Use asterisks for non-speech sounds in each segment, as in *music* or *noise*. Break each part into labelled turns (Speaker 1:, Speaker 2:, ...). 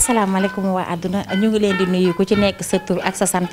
Speaker 1: asalaamaaleykum waa àdduna ñu ngi leen di nuyu ku ci nekk sa tur ak sa sant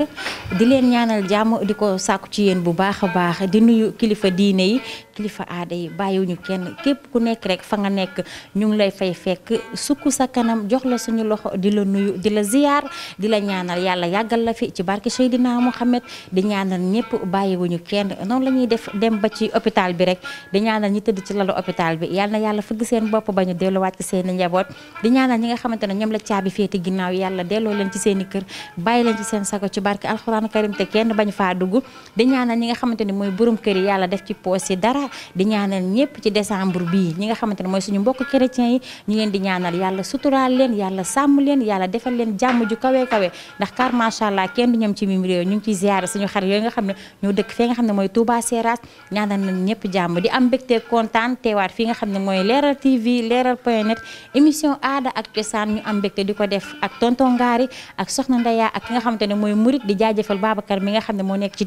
Speaker 1: di leen ñaanal jàmm di ko sàkku ci yéen bu baax a baax di nuyu kilifa diine yi kilifa aada yi bàyyiwuñu kenn képp ku nekk rek fa nga nekk ñu ngi lay fay fekk sukk sa kanam jox la suñu loxo di la nuyu di la ziyaar di la ñaanal yàlla yàggal la fi ci barke Seydina Mohamed di ñaanal ñëpp bàyyiwuñu kenn noonu la ñuy def dem ba ci hôpital bi rek di ñaanal ñi tëdd ci lalu hôpital bi na yàlla fëgg seen bopp ba ñu delluwaat ci seen i njaboot di ñaanal ñi nga xamante ne ñoom la caabi féete ginnaaw yàlla delloo leen ci seen i kër bàyyi leen ci seen sago ci barke alxuraan karim te kenn bañ faa dugg di ñaanal ñi nga xamante mooy borom kër yi yàlla def ci poos yi dara baax di ñaanal ñëpp ci décembre bii ñi nga xamante ne mooy suñu mbokk chrétiens yi ñu leen di ñaanal yàlla suturaal leen yàlla sàmm leen yàlla defal leen jàmm ju kawe kawe ndax car macha allah kenn du ñoom ci mim ngi ciy ziyaare suñu xar yooyu nga xam ne ñoo dëkk fee nga xam ne mooy Touba Seras ñaanal nañ jàmm di am mbégte kontaan teewaat fii nga xam ne mooy Leral TV Leral point net émission aada ak cosaan ñu am mbégte di ko def ak tonton Ngari ak soxna Ndeya ak ki nga xamante ne mooy murit di jaajëfal Babacar mi nga xam ne moo nekk mi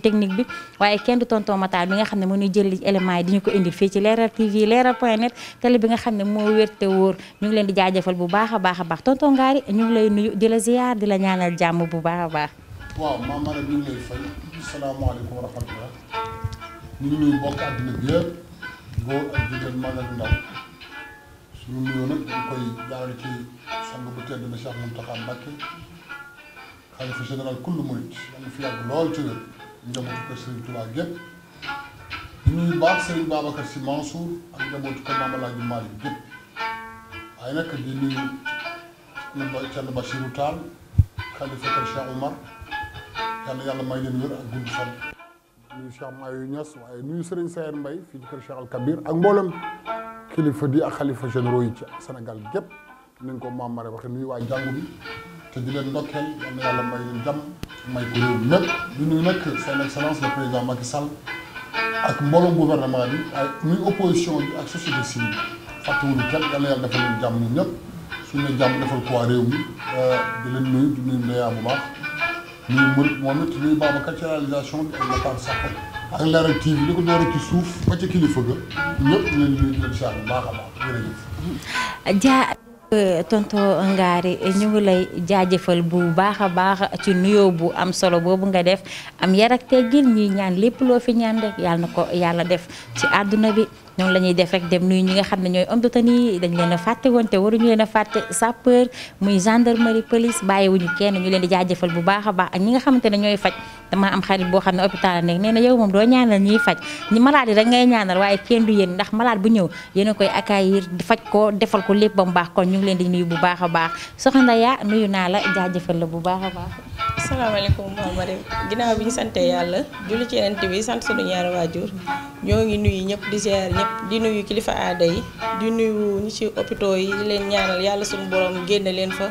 Speaker 1: nga xam ne moo ñuy jël élément yi di ñu ko indil fii ci leeral TV leeral point net télé bi nga xam ne moo wér te wóor ñu leen di jaajëfal bu baax a baax a baax tonton Ngari ñu ngi lay nuyu di la ziar di la ñaanal jàmm bu baax a baax.
Speaker 2: waaw maam Mara ñu ngi fay salaamaaleykum wa rahmatulah ñu ngi nuyu mbokk àddina ak jigéen mag ak nag dañ koy jaarale ci sang bu tedd bi Cheikh Mountakha Mbacké xalifa général kullu murit dañu fi yàgg lool ci wér njabootu kër nuyu baax Serigne Babacar Sy Mansour ak njabootu ko Maam Alaaji Maalik gépp waaye nag di nuyu na Thierno Bachirou Tall xalifa kër Cheikh Oumar yàlla yàlla may leen wér ak gudd fan nuyu Cheikh Mayou Niass waaye nuyu Serigne Sayer Mbaye fii ci kër Cheikh Al Kabir ak mboolem kilifa ak xalifa généraux yi ci Sénégal gépp nañ ko maam mare waxe nuyu waa jàngu te di leen ndokkeel yàlla yàlla may leen jàmm may ko réew mépp di nuyu nag seen excellence le président Macky Sall ak mbooloom gouvernement bi ak muy opposition bi ak société civile fàttewuñu kenn yàlla yàlla defal ñu jàmm ñun ñëpp suñu la jàmm defal ko waa réew mi euh, di leen nuyu di nuyu Ndeya bu baax nuyu Murit moom it nuyu Babacar ci réalisation bi ak Matar Sakho ak Leral li ko door ci suuf ba ca kilifa ga ñëpp ñu leen nuyu di leen baax
Speaker 1: Euh, tonton Ngary ñu ngi lay jaajëfal bu baax a baax ci nuyo bu am solo boobu nga def am yar ak teggin ñi ñaan lépp loo fi ñaan rek yàlla na ko yàlla def ci àdduna bi noonu la ñuy def rek dem nuyu ñi nga xam ne ñooy homme de tenue dañ leen a fàtte woon te waruñu leen a fàtte sapeur muy gendarmerie police bàyyiwuñu kenn ñu leen di jaajëfal bu baax a baax ak ñi nga xamante ne ñooy faj damaa am xarit boo xam ne hôpital nekk nee na yow moom doo ñaanal ñiy faj ñi malade yi rek ngay ñaanal waaye kenn du yéen ndax malade bu ñëw yéen a koy accueillir faj ko defal ko lépp ba mu baax kon ñu ngi leen di nuyu bu baax a baax soxna ya nuyu naa la jaajëfal bu baax a baax
Speaker 3: asalaamaaleykum Mari ginnaaw bi ñu santee yàlla julli ci Yonent bi sant sunu ñaari waajur ñoo ngi nuyu ñëpp di ziar ñëpp di nuyu kilifa aada yi di nuyu ñi ci hôpitaux yi di leen ñaanal yàlla sunu borom génne leen fa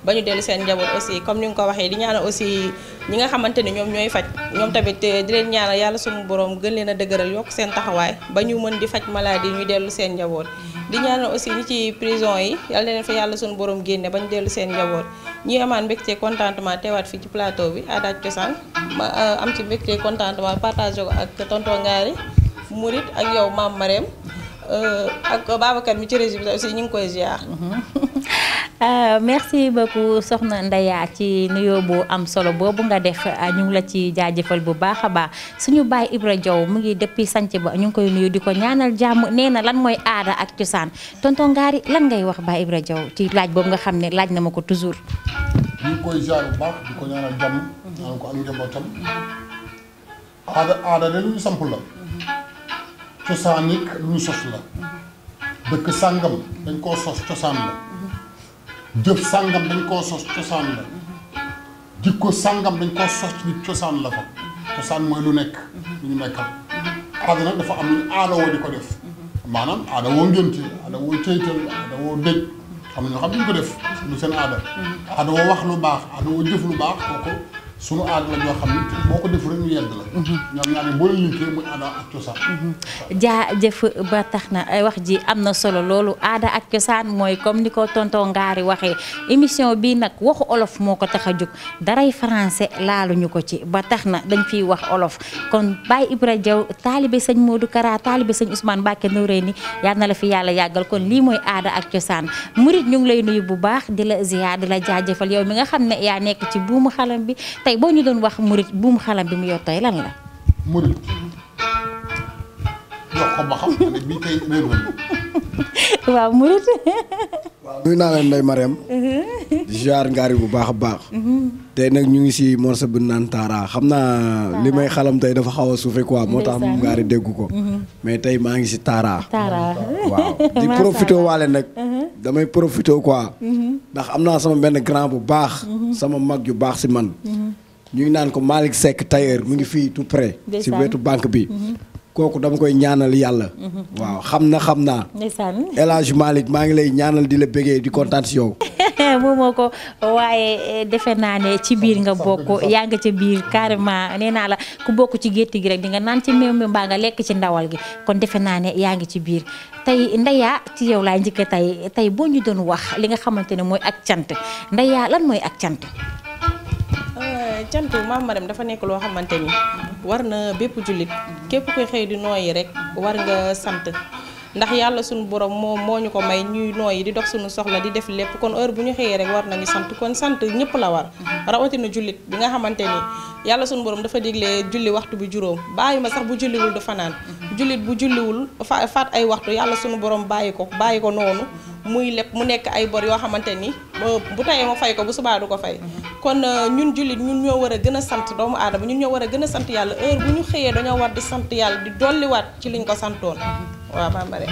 Speaker 3: ba ñu dellu seen njaboot aussi comme ni nga ko waxee di ñaanal aussi ñi nga xamante ni ñoom ñooy faj ñoom tamit eh, di leen ñaanal yàlla suñu boroom gën leen a dëgëral yokk seen taxawaay ba ñu mën di faj maladie ñu dellu seen njaboot. di ñaanal aussi ñi ci prison yi yal na leen yàlla suñu borom génne ba ñu dellu seen njaboot ñi amaan mbégte contentement teewaat fii ci plateau bi Aada ak Cosaan eh, am ci mbégte contentement partagé ko ak tonton Ngari Murit ak yow maam Marème eh, ak mi ci régie bi ñu ngi koy ziar. Mm-hmm.
Speaker 1: *laughs* Euh, merci beaucoup soxna Ndeya ci nuyoo bu am solo boobu nga def euh, ñu ngi la ci jaajëfal bu baax a baax suñu baay Ibra Diaw mu ngi depuis sanc ba ñu ngi koy nuyu di ko ñaanal jàmm nee na lan mooy aada ak cosaan tonton lan ngay wax baay Ibra Diaw ci laaj boobu nga xam ne laaj na ma ko toujours.
Speaker 2: ñu ngi koy ziar baax di ko ñaanal jàmm. ñaan ko am njabootam. aada aada de lu samp la. cosaan it lu sos la. dëkk sàngam dañ koo sos cosaan la. jëf sàngam dañ koo sos cosaan la jikko sàngam dañ koo sos nit cosaan la fa cosaan mooy lu nekk lu ñu nekkal aada dafa am lu aadawoo di ko def maanaam aada woo ngénte aada woo ceytal aada woo dëj xam na ñoo xam duñ ko def lu seen aada aada woo wax lu baax aada woo jëf lu baax kooku sunu aada la xam ne boo ko def rek ñu yedd la. ñoom ñaar ne boo leen aada ak cosaan.
Speaker 1: jaajëf ba tax na ay eh, wax ji am na solo loolu aada ak cosaan mooy comme ni ko tonton Ngari waxee émission bi nag waxu olof moo ko tax a jóg daray français laaluñu ko ci ba tax na dañ fiy wax olof kon Baye Ibra Diaw taalibe sëñ Modou Kara taalibe sëñ Ousmane Mbacké Noreyni yal na la fi yàlla yàggal kon lii mooy aada ak cosaan murit ñu ngi lay nuyu bu baax di la ziar di la jaajëfal yow mi nga xam ne tey boo ñu doon wax murit bu mu xalam bi mu yor tey lan la.
Speaker 2: murit jox xam
Speaker 3: ne *laughs* *laughs* naa leen Ndeye Mariam. *laughs* ziar ngaari bu baax a baax. Mhm. tey nag ñu ngi si morse bu naan Tara xam naa li may xalam tey dafa xaw a suufe moo tax ngaari déggu ko. Mhm. mais tey maa ngi si Tara.
Speaker 1: Tara waaw di profité
Speaker 3: waale nag. Uh-huh. damay profité quoi. Mhm. ndax am naa sama benn grand bu baax. Mhm. sama mag yu baax si man. Mhm. ñu ngi naan ko Malick sekk tailleur mu ngi fii tout près. si wetu banque bi. kooku dama koy ñaanal yàlla. waaw xam na xam naa. ndeysaan El maa ngi lay ñaanal di la bégee di kontaan yow.
Speaker 1: *laughs* moomoo ko waaye eh, defe naa ne ci biir nga bokk yaa nga ca biir carrément nee naa la ku bokk ci gétt gi rek di nga naan ci meew mi mbaa nga lekk ci ndawal gi kon defe naa ne yaa ngi ci biir tey Ndeya ci yow laay njëkk tey tey boo ñu doon wax li nga xamante ne mooy ak cant Ndeya lan mooy ak cant.
Speaker 3: Euh, cant maam Marème dafa nekk loo xamante ni war na bépp jullit képp kuy xëy di nooyi rek war nga sant. ndax yàlla suñu borom moo moo ñu ko may ñuy yi di dox suñu soxla di def lépp kon heure bu ñu xëyee rek war nañu sant kon sant ñëpp la war rawatina jullit bi nga xamante ni yàlla suñu borom dafa digle julli waxtu bi juróom bàyyi ma sax bu julliwul du fanaan jullit bu julliwul faat ay waxtu yàlla suñu borom bàyyi ko bàyyi ko noonu muy lépp mu nekk ay bor yoo xamante ni bu tayee mu fay ko bu subaa du ko fay kon euh, ñun jullit ñun ñoo war a gën a sant doomu aadama ñun ñoo war a gën a sant yàlla heure bu ñu xëyee dañoo war di sant yàlla di dolliwaat ci ñu ko santoon waaw Bambara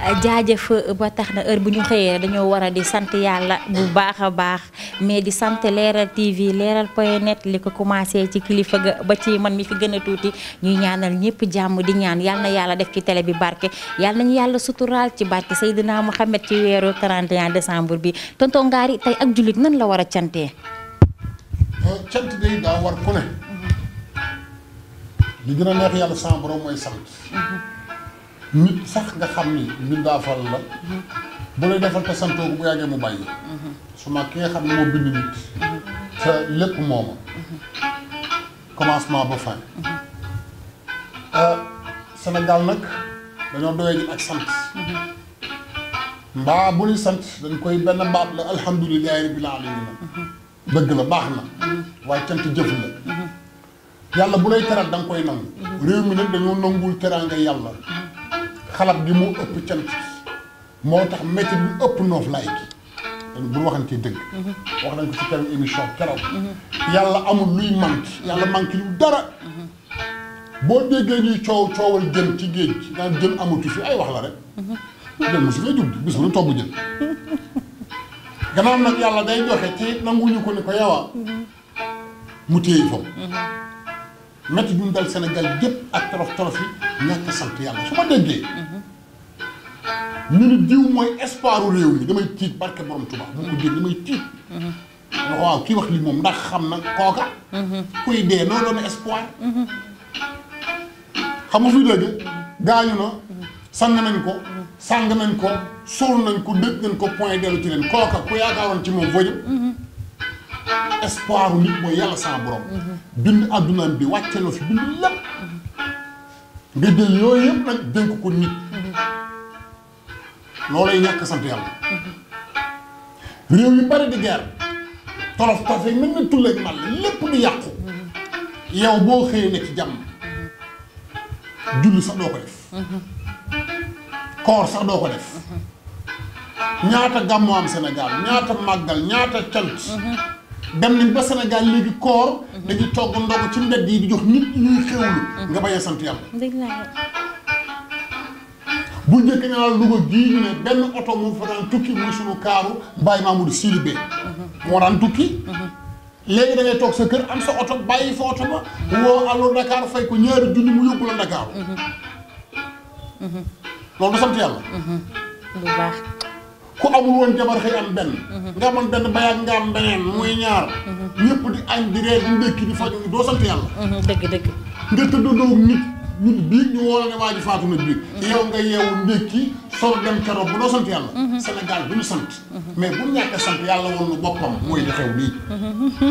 Speaker 1: jaajëf ba tax na heure bu ñu xëyee dañoo war a di sant yàlla bu baax a baax mais di sant leeral TV leeral point net li ko commencé ci kilifa ga ba ci man mi fi gën a tuuti ñuy ñaanal ñëpp jàmm di ñaan yal yàlla def ci tele bi barke yàlla nañu yàlla suturaal ci barke Seydina Mouhamed ci weeru 31 décembre bi tonton Ngari tey ak jullit nan la war a cantee.
Speaker 2: Euh, nit sax nga xam ni daa daafal la bu lay defal te santoo bu yàggee mu bàyyi su ma ki nga xam ne moo bind nit te lépp mooma commencement ba fin euh, Sénégal nag dañoo doyee ji ak sant mbaa bu ñuy sant dañ koy benn baat la alhamdulilahi rabbil alamin bëgg la baax na waaye cant jëf la yàlla bu lay teral da nga koy nangu réew mi nag dañoo nanguwul teraanga yàlla xalaat gi mu ëpp cant moo tax métti bi ëpp noof laay gi dañ bu waxantee dëgg mm-hmm. wax nañ ko ci kenn émission keroog yàlla amul luy manque yàlla manque lu dara mm-hmm. boo déggee ñuy coow coowal jën ci géej naan jën amatu fi ay wax la rek mm-hmm. jën mosu fee jug bis bu nu togg jën *laughs* gannaaw nag yàlla day joxe te nanguñu ko ni ko yawa mu téye fam métti duñ dal Sénégal gépp ak torof torof yi ñàkk sant yàlla su ma déggee ñu nu jiw mooy espoiru réew yi damay tiit barke borom Tuubaa bu ko dégg damay tiit waaw kii wax lii moom ndax xam na kooka kuy dee noo doon espoir xam nga fi dégg gaañu na sang nañ ko sang nañ ko suul nañ ko dëj nañ ko point dellu ci leen kooka ku yaakaaroon ci moom vojë espoir nit mooy yàlla sa borom. bind addunaam bi wàcce la fi bind lépp. nga jël yooyu yëpp nag dénk ko nit. loolay ñàkk sant di yàqu. yow boo xëyee ne jàmm. julli sax doo ko def. koor sax doo ko def. ñaata gàmmu am ñaata màggal ñaata cant. dem nañ ba Sénégal léegi koor dañuy togg ndog ci mbedd yi di jox nit ñuy xéwlu nga bañ a sant yàlla bu njëkk nga naan Louga gii ñu ne benn oto moom fa daan tukki muy sunu kaaru Baye Mamadou Sidibé moo daan tukki léegi da ngay toog sa kër am sa oto bàyyi fa oto ba woo allo Dakar fay ko ñaari junni mu yóbbu la Dakar mm-hmm. Mm-hmm. loolu du yàlla mm-hmm. bu baax ku amul woon jabar xëy am benn. nga amoon benn bayaag nga am beneen muy ñaar. ñëpp di añ di reer di ndékki di faj doo sant yàlla. Mhm, dëgg dëgg. nga tëddandoo nit nit biig ñu woo la ne waa na doo sant yàlla. Mhm. Sénégal mhm. bu ñu sant. yàlla woon na boppam mooy li xew nii.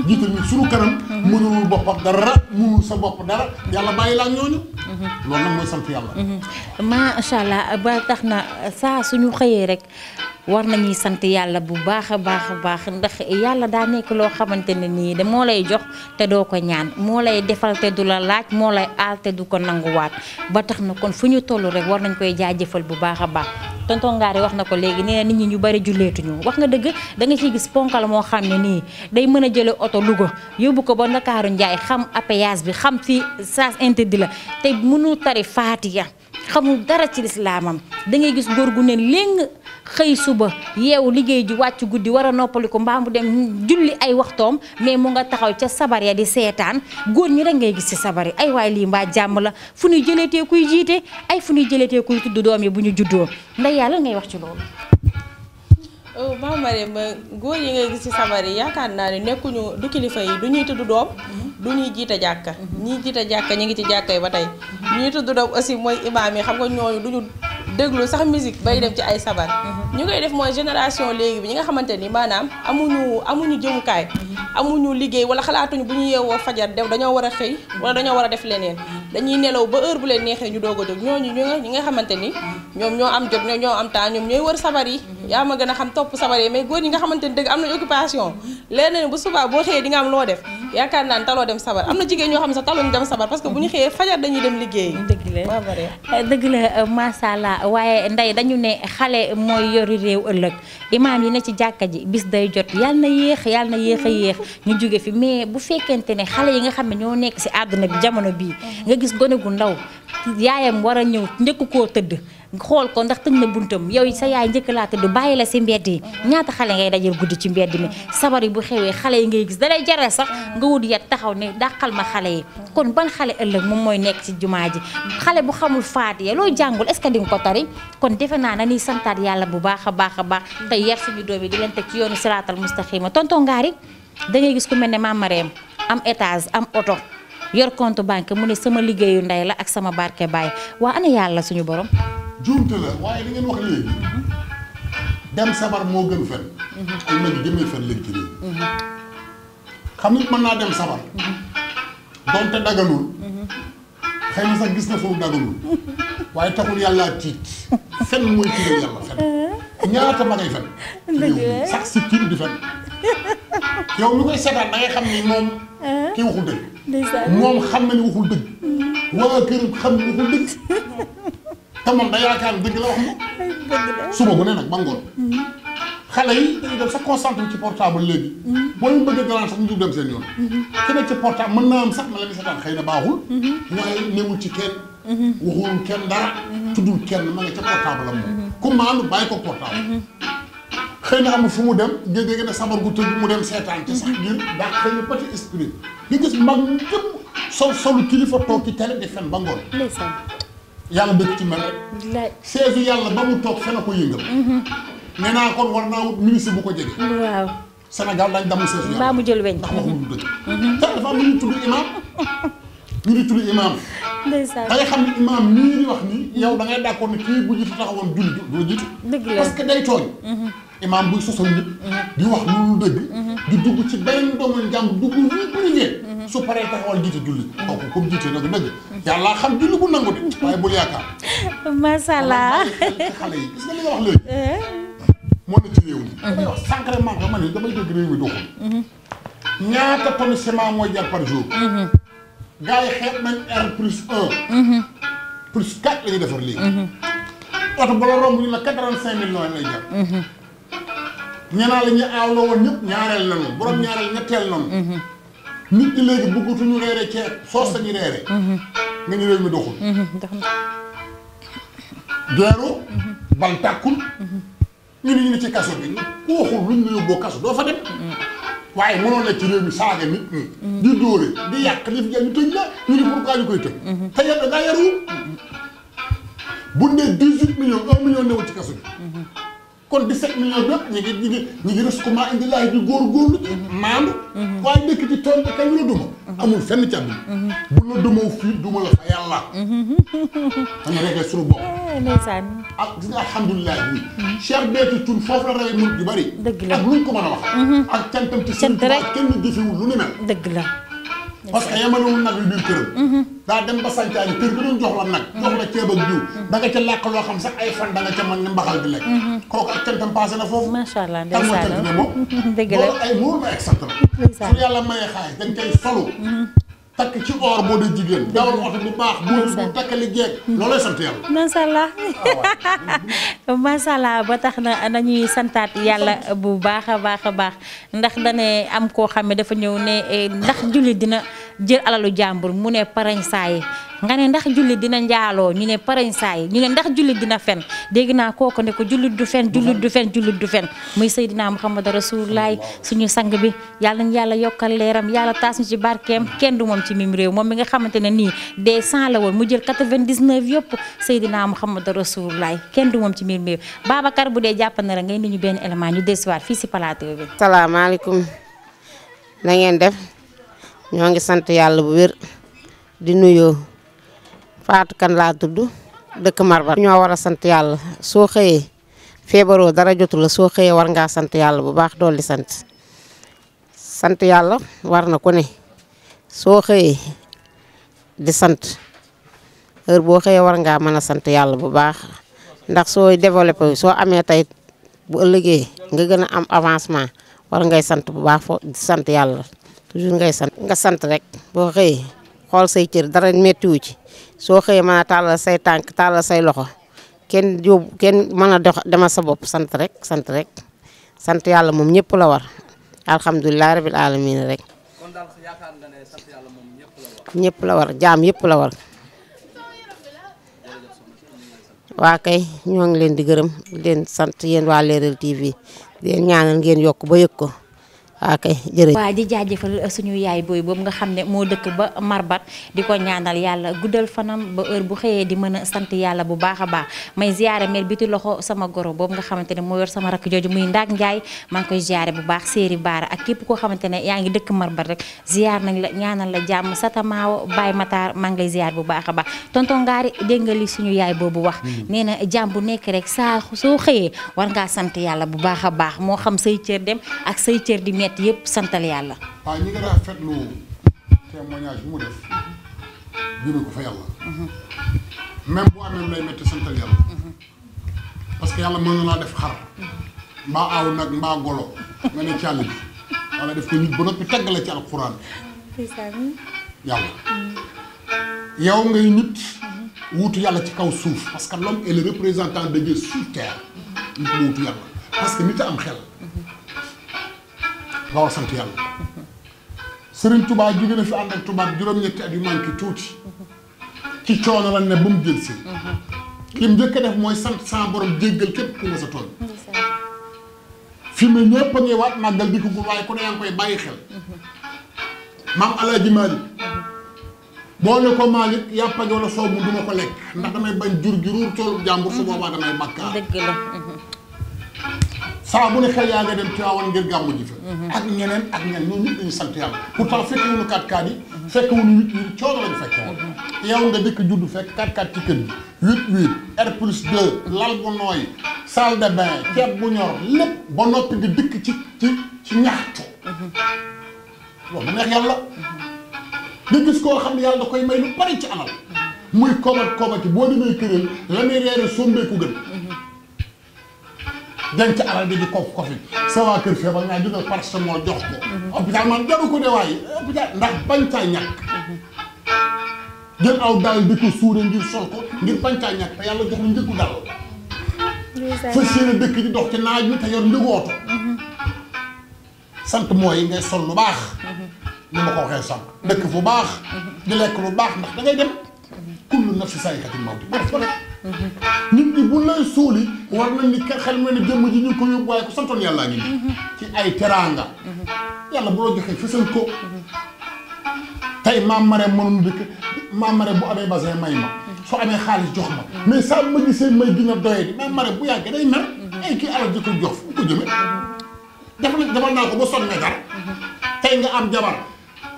Speaker 2: jiital nit suñu kanam. mënulul boppam dara mënul sa bopp dara yàlla bàyyi la ñooñu. loolu nag mooy sant yàlla.
Speaker 1: macha allah ba tax na saa suñu xëyee rek. war nañuy sant yàlla bu baax a baax a baax ndax yàlla daa nekk loo xamante ne nii de moo lay jox te doo ko ñaan moo lay defal te du la laaj moo lay aal te du ko nanguwaat ba tax na kon fu ñu toll rek war nañ koy jaajëfal bu baax a baax tonton yi wax na ko léegi nee na nit ñi ñu bari julleetuñu wax nga dëgg da nga ciy gis ponkal moo xam ne nii day mën a jële oto Louga yóbbu ko ba Ndakaaru Njaay xam apéage bi xam fii sens interdit la te mënul tari faatiya xamul dara ci lislaamam xëy suba yeewu liggéey ji wàcc guddi war a noppaliku mbaa mu dem julli ay waxtoom mais mu nga taxaw ca sabar ya di seetaan góor ñi rek ngay gis ci sabar yi ay waay lii mbaa jàmm la fu ñuy jëleetee kuy jiite ay fu ñuy jëleetee kuy tudd doom yi bu ñu juddoo nday yàlla ngay wax ci loolu
Speaker 3: waaw euh, ma góor yi ngay gis ci sabar yi yaakaar naa ne nekkuñu du kilifa yi du ñuy tudd doom du ñuy jiita jàkka ñiy jiite jàkka ñu ngi ci jàkka yi ba tey ñuy tudd doom aussi mooy imaam yi xam nga ñooñu ñu déglu sax musique bay dem ci ay sabar ñu koy def mooy génération léegi bi ñi nga xamante ni maanaam amuñu amuñu jëmukaay amuñu liggéey wala xalaatuñu bu ñu yeewoo fajar def dañoo war a xëy wala dañoo war a def leneen dañuy nelaw ba heure bu leen neexee ñu doog a jóg ñooñu ñu nga xamante ni ñoom ñoo am jot ñoom ñoo ñoom ñooy wër sabar yi yaa ma gën a xam topp sabar yi mais góor ñi nga xamante ni dëgg am nañ occupation leen ne bu subaa boo xëyee di nga def yaakaar naan taloo dem sabar am na jigéen ñoo xam ne sa taloo ñu dem sabar parce que bu ñu xëyee fajar dañuy dem liggéey
Speaker 1: dëgg dëgg la maasàllaa euh, euh, waaye ndey dañu ne xale mooy yori réew ëllëg imaam yi ne ci jàkka ji bis day jot yàlla na yéex yàlla na yéex a yéex ñu jóge fi mais bu fekkente ne xale yi nga xam ne ñoo nekk si àdduna bi jamono bii gis gone gu ndaw yaayam war a ñëw njëkk koo tëdd xool ko ndax tëj na buntam yow sa yaay njëkk laa tëdd bàyyi la si mbedd yi ñaata xale ngay dajal guddi ci mbedd mi sabar yi bu xewee xale yi ngay gis dalay jaral sax nga wut yat taxaw ne dàqal ma xale yi kon ban xale ëllëg moom mooy nekk ci jumaa ji xale bu xamul faatiya loo jàngul est ce que di nga ko tari kon defe naa na ni santaat yàlla bu baax a baax a baax te yar suñu doom yi di leen teg ci yoonu siraatal mustaqiima tonton Ngari da ngay gis ku mel ne Mame Marème am yor compte banque mu ne sama liggéeyu ndey la ak sama barke baay waa ana yàlla suñu borom.
Speaker 2: juumte la waaye li wax léegi dem sabar moo gën fen mhm. ay mag mhm. naa dem sabar
Speaker 4: mhm.
Speaker 2: donte daganul xëy sax gis na foofu daganul *laughs* waaye taxul yàlla tiit fen mooy tiital yàlla fen *laughs* ñaata ma ngay fen sax si kiir di fen yow lu koy seetaan da ngay xam ni moom. Ah. kii waxul
Speaker 4: dëgg. moom
Speaker 2: xam na ni waxul dëgg. waa kër xam ni waxul dëgg. *laughs* te moom da yaakaar dëgg la wax moom. suba bu ne nag ba ngoon. Mm-hmm. xale yi dañuy dem sax concentré ci portable léegi.
Speaker 4: Mm-hmm. boo ñu
Speaker 2: bëgg a dalaan sax ñu dem seen yoon. Mm-hmm. ki nekk ci portable mën naa am sax ma la ñu seetaan xëy na baaxul. waaye newul ci kenn. waxul kenn dara. tuddul kenn ma nga ca portable am moom. ku maanu bàyyi ko portable. xëy na amul fu mu dem nga dégg ne sabar gu tëj mu dem seetaan ci sax ngir ndax xëy na petit esprit nga gis mag ñëpp sol solu kilifa toog ci télé di fen ba ngoon yàlla dëkk ci mel rek seesu yàlla ba mu toog fena ko yëngal mm-hmm. nee a kon war naa wut ministre bu ko jege waaw Sénégal dañ damu seesu yàlla mbaa mu jël weñ ndax mm-hmm. te dafa am lu ñu tudd imam *laughs* ñu di tudd imaam.
Speaker 1: ndeysaan da xam ne imaam nii di
Speaker 2: wax nii yow da ngay d'accord ne kii bu jiitu taxawoon julli du jiitu. dëgg parce que day tooñ. Mhm. imaam buy sosal nit. Mhm. di wax lu dëgg. Mhm. di dugg ci benn doomu jàmm dugg lu privé. su paree taxawal jiite julli. kooku comme jiite nag dëgg. yàlla xam julli bu nangu de waaye bul yaakaar. macha allah xale yi gis nga li nga wax léegi. Eh? moo ne ci réew mi. damay wax sànq rek ko ma ne damay dégg réew mi doxul. ñaata tonne ciment mooy gars yi xeet nañ R plus 1. Mhm. plus 4 la ñuy defar léegi. Mhm. oto ba la romb ñu la 85000 noonu lay jar. Mhm. ñenaa la ñu aawloo woon ñëpp ñaareel nañu borom ñaareel ñetteel nañu. nit ñi léegi bëggatuñu reere ceeb soos sañu reere. nga ñu réew mi doxul. geeru bal tàkkul. ñu ne ñu ne ci kaso bi ku waxul luñ la yóbboo kaso doo fa dem. waaye mënoon na ci réew mi saaga nit ñi. di dóore di yàq li fi jël ñu tëj la ñu ne pourquoi ñu koy da mhm. ngaa yaru bu ne dix huit million newul ci kaso mhm. kon di millions bépp ñu ngi ñu ngi ñu ngi rëskumaa indi laay di góorgóorlu. Mhm. maandu. waaye nekk ci tool bi kañ la duma. amul fenn càmm. bu la dumaw fii duma la fa yàlla. xam nga rek sunu bopp. Eh, ak gis nga alhamdulilah bi. Cheikh Béthio Thioune foofu la rawee murid yu bari. dëgg la ak luñ ko mën a wax. Mhm. ak cantam ci seen tubaab kenn jëfewul lu ni mel. dëgg la. parce que yemalewul nag yu biir këram. Mhm. daa dem ba santaani kër gi doon jox la nag. Mhm. jox la ceeb ak jiw. da nga ca làkk loo xam sax ay fan da nga ca mën ne mbaxal di lekk. kooku ak cantam passé na foofu. macha allah ndeysaan la kan mooy cant ne moom.
Speaker 1: *laughs* dëgg la loolu ay muur ba egg
Speaker 2: sant la. ndeysaan su yàlla mayee xaalis dañ koy solu. takk ci
Speaker 1: ba tax na nañuy santaat yàlla bu baax a baax a baax ndax dane am koo xam ne dafa ñëw ne eh, ndax julli dina jël alalu jàmbur mu ne parañ saa nga ne ndax jullit dina njaaloo ñu ne parañ saay ñu ne ndax jullit dina fen dégg naa kooku ne ko julli du fen jullit du fen jullit du fen muy Seydina Muhammad Rasulullaay suñu sang bi yàlla ñu yàlla yokkal leeram yàlla taas ñu ci barkeem kenn du moom ci mim réew moom mi nga xamante ne nii des cent la woon mu jël quatre-vingt-dix-neuf yëpp Seydina Muhammad Rasulullaay kenn du moom ci mim réew Babacar bu dee jàpp na la ngay indi ñu benn élément ñu desuwaat fii si plateau bi. salaamaaleykum
Speaker 5: ngeen def ngi sant yàlla bu wér nuyoo. Fatou kan laa tudd dëkk Marbat ñoo war a sant yàlla soo xëyee feebaroo dara jotu la soo xëyee war ngaa sant yàlla bu baax dool di sant sant yàlla war na ko ni soo xëyee di sant heure boo xëyee war ngaa mën a sant yàlla bu baax ndax sooy développé soo amee tey bu ëllëgee nga gën a am avancement war ngay sant bu baax fo di sant yàlla toujours ngay sant nga sant rek boo xëyee xool say cër dara méttiwu ci soo xëyee mën a say tànk tàllal say loxo kenn yóbbu kenn mën a demal sa bopp sant rek sant rek sant yàlla moom ñëpp la war alhamdulilah rabil alamin rek.
Speaker 3: kon la war.
Speaker 5: ñëpp la war jaam yëpp la war. waa kay ñoo ngi leen di gërëm di leen sant yéen waa Leral TV di leen ñaanal ngeen yokk ba yëg ko. Ah, waa
Speaker 1: di jërëjëf waa euh, suñu yaay booy boobu nga xam ne moo dëkk ba marbat di ko ñaanal yàlla guddal fanam ba heure bu xëyee di mën a sant yàlla bu baax a baax may ziare mel biti loxo sama goro boobu nga xamante ne moo yor sama rakk jooju muy ndaak njaay maa ngi koy ziare bu baax séeri baara ak képp koo xamante ne yaa ngi dëkk marbat rek ziar nañ la ñaanal la jàmm satamaaw baay mataar maa ngi lay ziar bu baax a baax tonton ngaari nga li suñu yaay boobu wax hmm. nee na jàmm bu nekk rek saa soo xëyee war ngaa sant yàlla bu baax a baax moo xam say cër dem ak say cër di metti xeet yëpp santal yàlla.
Speaker 2: waaw ñi nga rafetlu témoignage bi mu def. jëmee ko fa yàlla. Mhm. même bu amee lay métti santal yàlla. Mhm. parce que yàlla mën na def xar. mbaa aw nag mbaa golo nga ne ci àll bi wala def ko nit ba noppi tagg la ci alxuraan. yàlla. Mhm. yow ngay nit. wuutu yàlla ci kaw suuf parce que l'homme est le représentant de Dieu terre. nit mu wuutu yàlla parce que nit am xel. baaw sant yàlla Serigne Touba jóge na fi ànd tubaab juróom-ñetti at yu manqué tuuti ci coono la ne ba mu jël si. lim njëkk a def mooy sant sa borom jéggal képp ku ma sa tool. fi mu ñëpp a ngi waaye ku ne yaa koy bàyyi xel. maam Alaaji Maalik boo ne ko Maalik yàppa wala soow mu duma ko lekk ndax damay bañ jur gi ruur toolu jàmbur su boobaa damay bàkkaar saa bu ne xel yaa nga dem Tiwaawan ngir gàmmu ji fa mhm. ak ñeneen ak ñeneen ñoom ñëpp dañu sant yàlla pourtant fekk wuñu kat kat yi mhm. fekk wuñu huit huit coono lañu fekke woon mhm. yow nga dëkk juddu fekk kat ci kër gi huit huit R plus deux lal bu nooy salle de bain bu ñor lépp ba noppi nga dëkk ci ci ci ñaxtu mu neex yàlla nga gis koo xam ne yàlla da koy may lu bari ci alal muy koobat koobati boo demee këral la muy reere sombeeku gën denc alal bi di kof kofi sa waa kër feebar ngaa jógal par semence jox ko. hôpital man jaru ko de waaye hôpital ndax bañ caa ñàkk. aw daal di ko suure ngir sol ko ngir bañ caa ñàkk te yàlla jox lu njëkku dal. fa seen dëkk di dox ci naaj wi te yor njëgu sant mooy ngay sol lu baax. ni ma ko waxee sant dëkk fu baax. di lekk lu baax ndax da ngay dem. kullu nafsi saayikatul mawt nit ñi bu lay suuli war na ni ka xel mel ni jëmm ji ñu ko yóbbu waaye ko santoon yàllaa ngi nii ci ay teraanga yàlla bu la joxee fësal ko tey maam mare mënum dëkk maam mare bu amee basin may ma soo amee xaalis jox ma mais saa ma gisee may dina doye di maam mare bu yàggee day mer ay kii alal di ko jox fu ko jëme defal naa ko ba sonn dara tey nga am jabar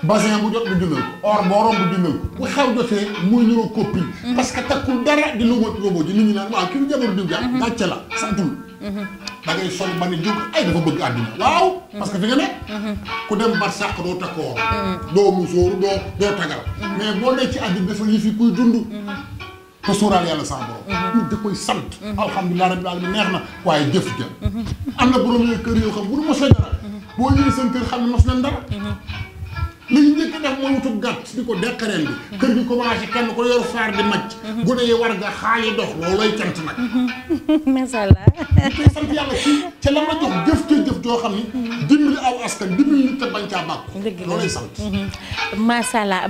Speaker 2: basin bu jot bu jëndal ko or boo romb jëndal ko bu xew jotee muy niroo copine mhm. parce que takkul dara di lobo lobo ji nit ñi naan waaw ki ñu mhm. la santul mhm. da ngay sol ba ne jóg ay dafa bëgg àddina waaw parce que fi nga ne ku dem bar sàq doo takkoor doo musóoru doo doo tagal mais boo sa borom nit da koy neex na waaye jëf ja am na borom yooyu kër yoo xam bu nu mos dara boo ñëwee seen kër xam ne mos nañ dara li ñu njëkk def mooy wutub gàtt di ko deqareel bi mm-hmm. kër gi commencé kenn mm-hmm. ca mm-hmm. *laughs* *laughs* la ma jox jëf te jëf joo xam ni dimbali aw askan dimbali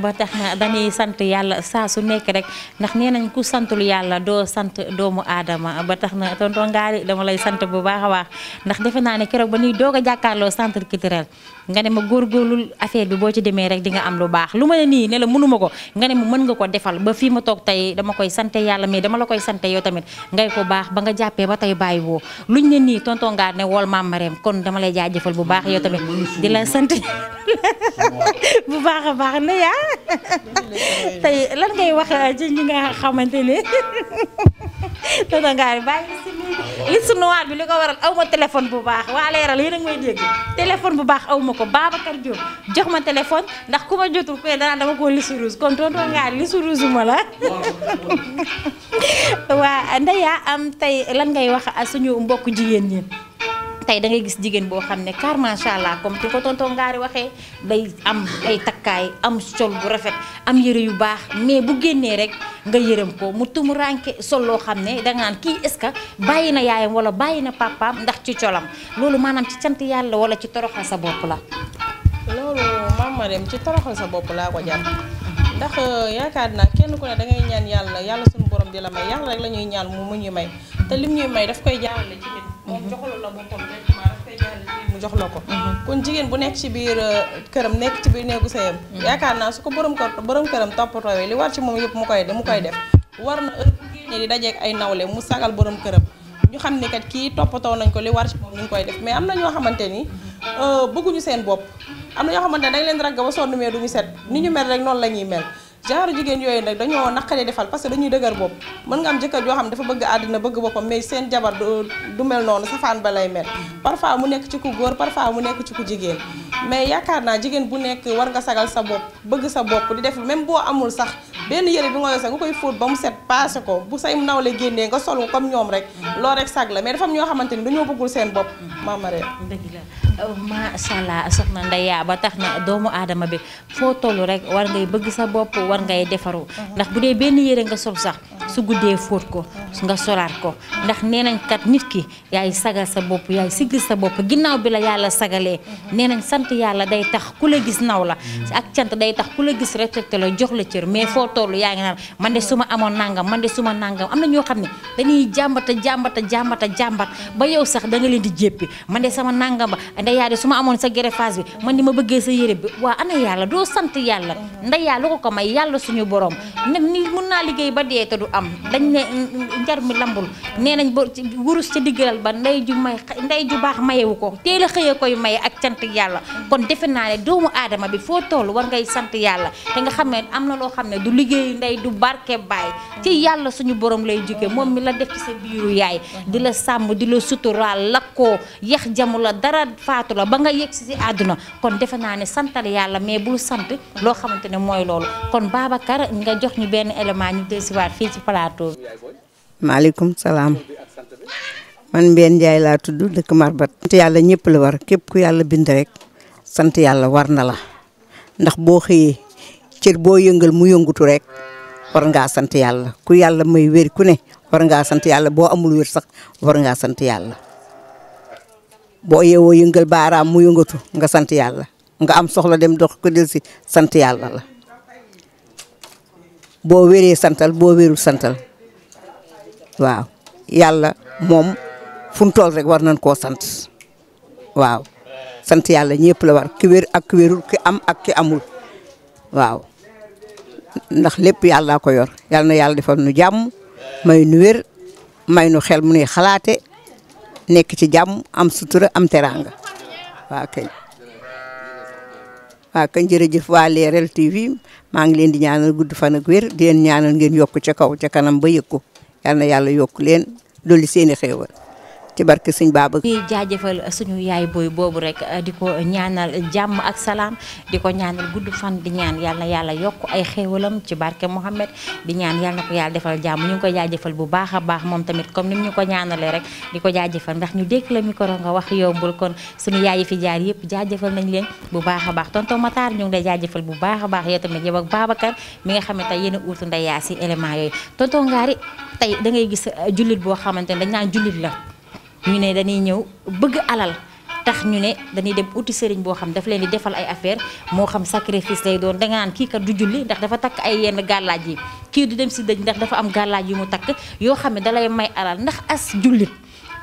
Speaker 1: ba tax na dañuy sant yàlla saa su nekk rek ndax nee nañ ku santul yàlla doo sant doomu aadama ba tax na tonton Ngaari dama lay sant bu baax a baax ndax defe naa ne keroog ba ñuy doog a jàkkaarloo centre culturel nga ne ma góorgóorlul affaire bi boo ci demee jëmee rek di nga am lu baax lu ma ne nii ne la mënuma ko nga ne mu mën nga ko defal ba fii ma toog tey dama koy sante yàlla mais dama la koy sante yow tamit ngay ko baax ba nga jàppee ba tey bàyyi woo luñ ne nii tonton nga ne wool maam Marème kon dama lay baax yow tamit la sant *laughs* bu baax a baax ne yaa *laughs* tey lan ngay wax euh, ci ñi nga xamante ne *laughs* tonton Ngaari bàyyi si liste noire bi li ko waral aw ma téléphone bu baax waa leeral yéen a ngi may dégg téléphone bu baax aw ma ko Babacar Diop jox ma téléphone kon ndax ku ma jotul ku ne dama koo lisu rouge kon tonton ngaa lisu rouge ma la *laughs* waa Ndeya am tey lan ngay wax suñu mbokk jigéen ñi tey da gis jigéen boo xam ne car macha allah comme ti ko waxee day am ay takkaay am sol bu rafet am yëre yu baax mais bu génnee rek nga yërëm ko mu tumuranke sol loo xam ne da nga naan kii est bàyyi na yaayam wala bàyyi na pàppaam ndax ci colam loolu maanaam ci cant yàlla wala ci toroxa sa bopp la
Speaker 3: loolu maam Marème ci toroxal sa bopp laa ko jàpp ndax euh, yaakaar naa kenn ku ne da ñaan yàlla yàlla suñu borom di la may yàlla rek la ñuy ñaan mu mu ñuy may te lim ñuy may daf koy jaarale ci nit moom mhm. mu jox la ko mhm. kon jigéen bu nekk ci biir euh, këram nekk ci biir néegu sëyam mhm. yaakaar naa su ko borom ko borom këram toppatoowee li war ci moom yëpp mu koy mu koy def war na heure bu génnee di dajeeg ay nawle mu sagal boroom këram ñu xam ne kat kii toppatoo nañ ko li war ci moom ñu koy def mais am na ñoo xamante ni Euh, bëgguñu seen bopp am na yoo xamante ne leen ragga ba sonn mais duñu set ni ñu mel rek noonu la ñuy mel genre jigéen yooyu nag dañoo naqaree defal parce que dañuy dëgër bopp mën nga am jëkkër joo xam ne dafa bëgg àddina bëgg boppam mais seen jabar du mel noonu safaan ba lay mel parfois mu nekk ci ku góor parfois mu nekk ci ku jigéen mais yaakaar naa jigéen bu nekk war nga sagal sa bopp bëgg sa bopp di def même boo amul sax benn yëre bi nga yor sax nga koy fóot ba mu set passé ko bu say nawle génnee nga sol ko comme ñoom rek loolu rek sag la mais dafa am ñoo xamante ni dañoo bëggul seen bopp maamare
Speaker 1: macha allah soxna ndeyaa ba tax na doomu aadama bi foo toll rek war ngay bëgg sa bopp war ngay defaru ndax bu dee benn yére nga sol sax su guddee fóot ko nga solaat ko ndax nee nañ kat nit ki yaay sagal sa bopp yaay sigil sa bopp ginnaaw bi la yàlla sagalee nee nañ sant yàlla day tax ku la gis naw la ak cant day tax ku la gis respecté la jox la cër mais foo tollu yaa ngi naan man de su ma amoon nangam man de suma ma nangam am na ñoo xam ne dañuy jàmbata jàmbata jàmbata jàmbat ba yow sax da leen di jéppi man de sama nangam ba nday yaa de su ma amoon sa greffage bi man ni ma bëggee sa yére bi waa ana yàlla doo sant yàlla nday yaa lu ko ko may yàlla suñu borom ne ni mun naa liggéey ba dee te du am dañ ne njar mi lambul nee nañ ba wurus ca diggalal ba nday ju may nday ju baax mayewu ko teel a xëyee koy maye ak sant yàlla kon defe naa ne doomu aadama bi foo toll war ngay sant yàlla te nga xam am na loo xam ne du liggéeyu ndey du barke baay ci yàlla suñu boroom lay jóge moom mi la def ci yaay di la sàmm di la suturaal lakkoo la dara faatu la ba nga yëg àdduna kon defe naa ne santal yàlla mais bul sant loo xamante ne mooy loolu kon Babacar nga jox ñu benn élément ñu desiwaat fii ci plateau
Speaker 6: maaleykum salaam man benn Ndiaye laa tudd dëkk Marbat. sant yàlla ñëpp la war képp ku yàlla bind rek sant yàlla war na la ndax boo xëyee cër boo yëngal mu yëngutu rek war ngaa sant yàlla ku yàlla may wér ku ne war ngaa sant yàlla boo amul wér sax war ngaa sant yàlla. boo yeewoo yëngal baaraam mu yëngatu nga sant yàlla nga am soxla dem dox ko delsi sant yàlla la boo wéree santal boo wérul santal waaw yàlla moom fu mu rek war nañ koo sant waaw sant yàlla ñëpp la war ki wérul ki am ak ki amul waaw ndax lépp yàlla ko yor yàlla na yàlla defal nu jàmm may nu wér may nu xel mu nuy xalaate nekk ci jàmm am sutura am teraanga waa kañ waa kañ jërëjëf waa Leral TV maa ngi leen di ñaanal gudd fan ak wér di leen ñaanal ngeen yokk ca kaw ca kanam ba yëg ko yal na yàlla yokk leen dolli seeni xéewal ci barke sëñ baaba di
Speaker 1: jaajëfal suñu yaay booy boobu rek eh, di ko ñaanal jàmm ak salaam di ko ñaanal gudd fan di ñaan yàlla yàlla yokk ay xéewalam ci barke Mohamed di ñaan yàlla na ko yàlla defal jàmm ñu ngi ko jaajëfal bu baax a baax moom tamit comme ni ñu ko ñaanalee rek di ko jaajëfal ndax ñu dékk la micro nga wax yombul kon suñu yaay yi fi jaar yëpp jaajëfal nañ leen bu baax a baax tonton Matar ñu ngi lay jaajëfal bu baax baax yow tamit yow ak Babacar mi nga xam ne tey yéen a uutu ndey yaa si élément yooyu tonton Ngari tey da ngay gis eh, jullit boo xamante ne dañ naan jullit la ñu ne dañuy ñëw bëgg alal tax ñu ne dañuy dem uti sëriñ boo xam daf leen di defal ay affaire moo xam sacrifice lay doon dangaan kii kat du julli ndax dafa takk ay yenn gàllaaj yi kii du dem si dëj ndax dafa am gàllaaj yu mu takk yoo xam ne dalay may alal ndax as jullit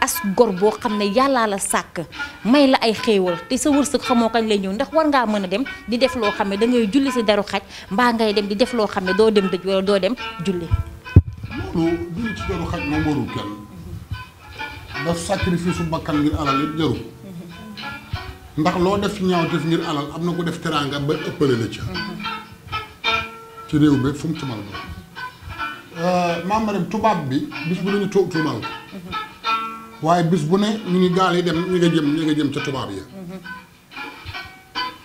Speaker 1: as gor boo xam ne yàllaa la sàkk may la ay xéewal te sa wërsëg xamoo kañ lay ñëw ndax war ngaa mën a dem di def loo xam ne da ngay julli si daru xaj mbaa ngay dem di def loo xam ne doo dem dëj wala doo dem julli.
Speaker 2: daf sacrifice su bakkan ngir alal it jarul ndax loo def ñaaw def ngir alal am na ko def teraanga ba ëppale la ca ci réew mi fu mu tumal ba maam Mareem tubaab bi bis bu ne ñu tu waaye bis bu ne ñu ngi gaal yi dem ñu nga jëm ñu nga jëm ca tubaab yi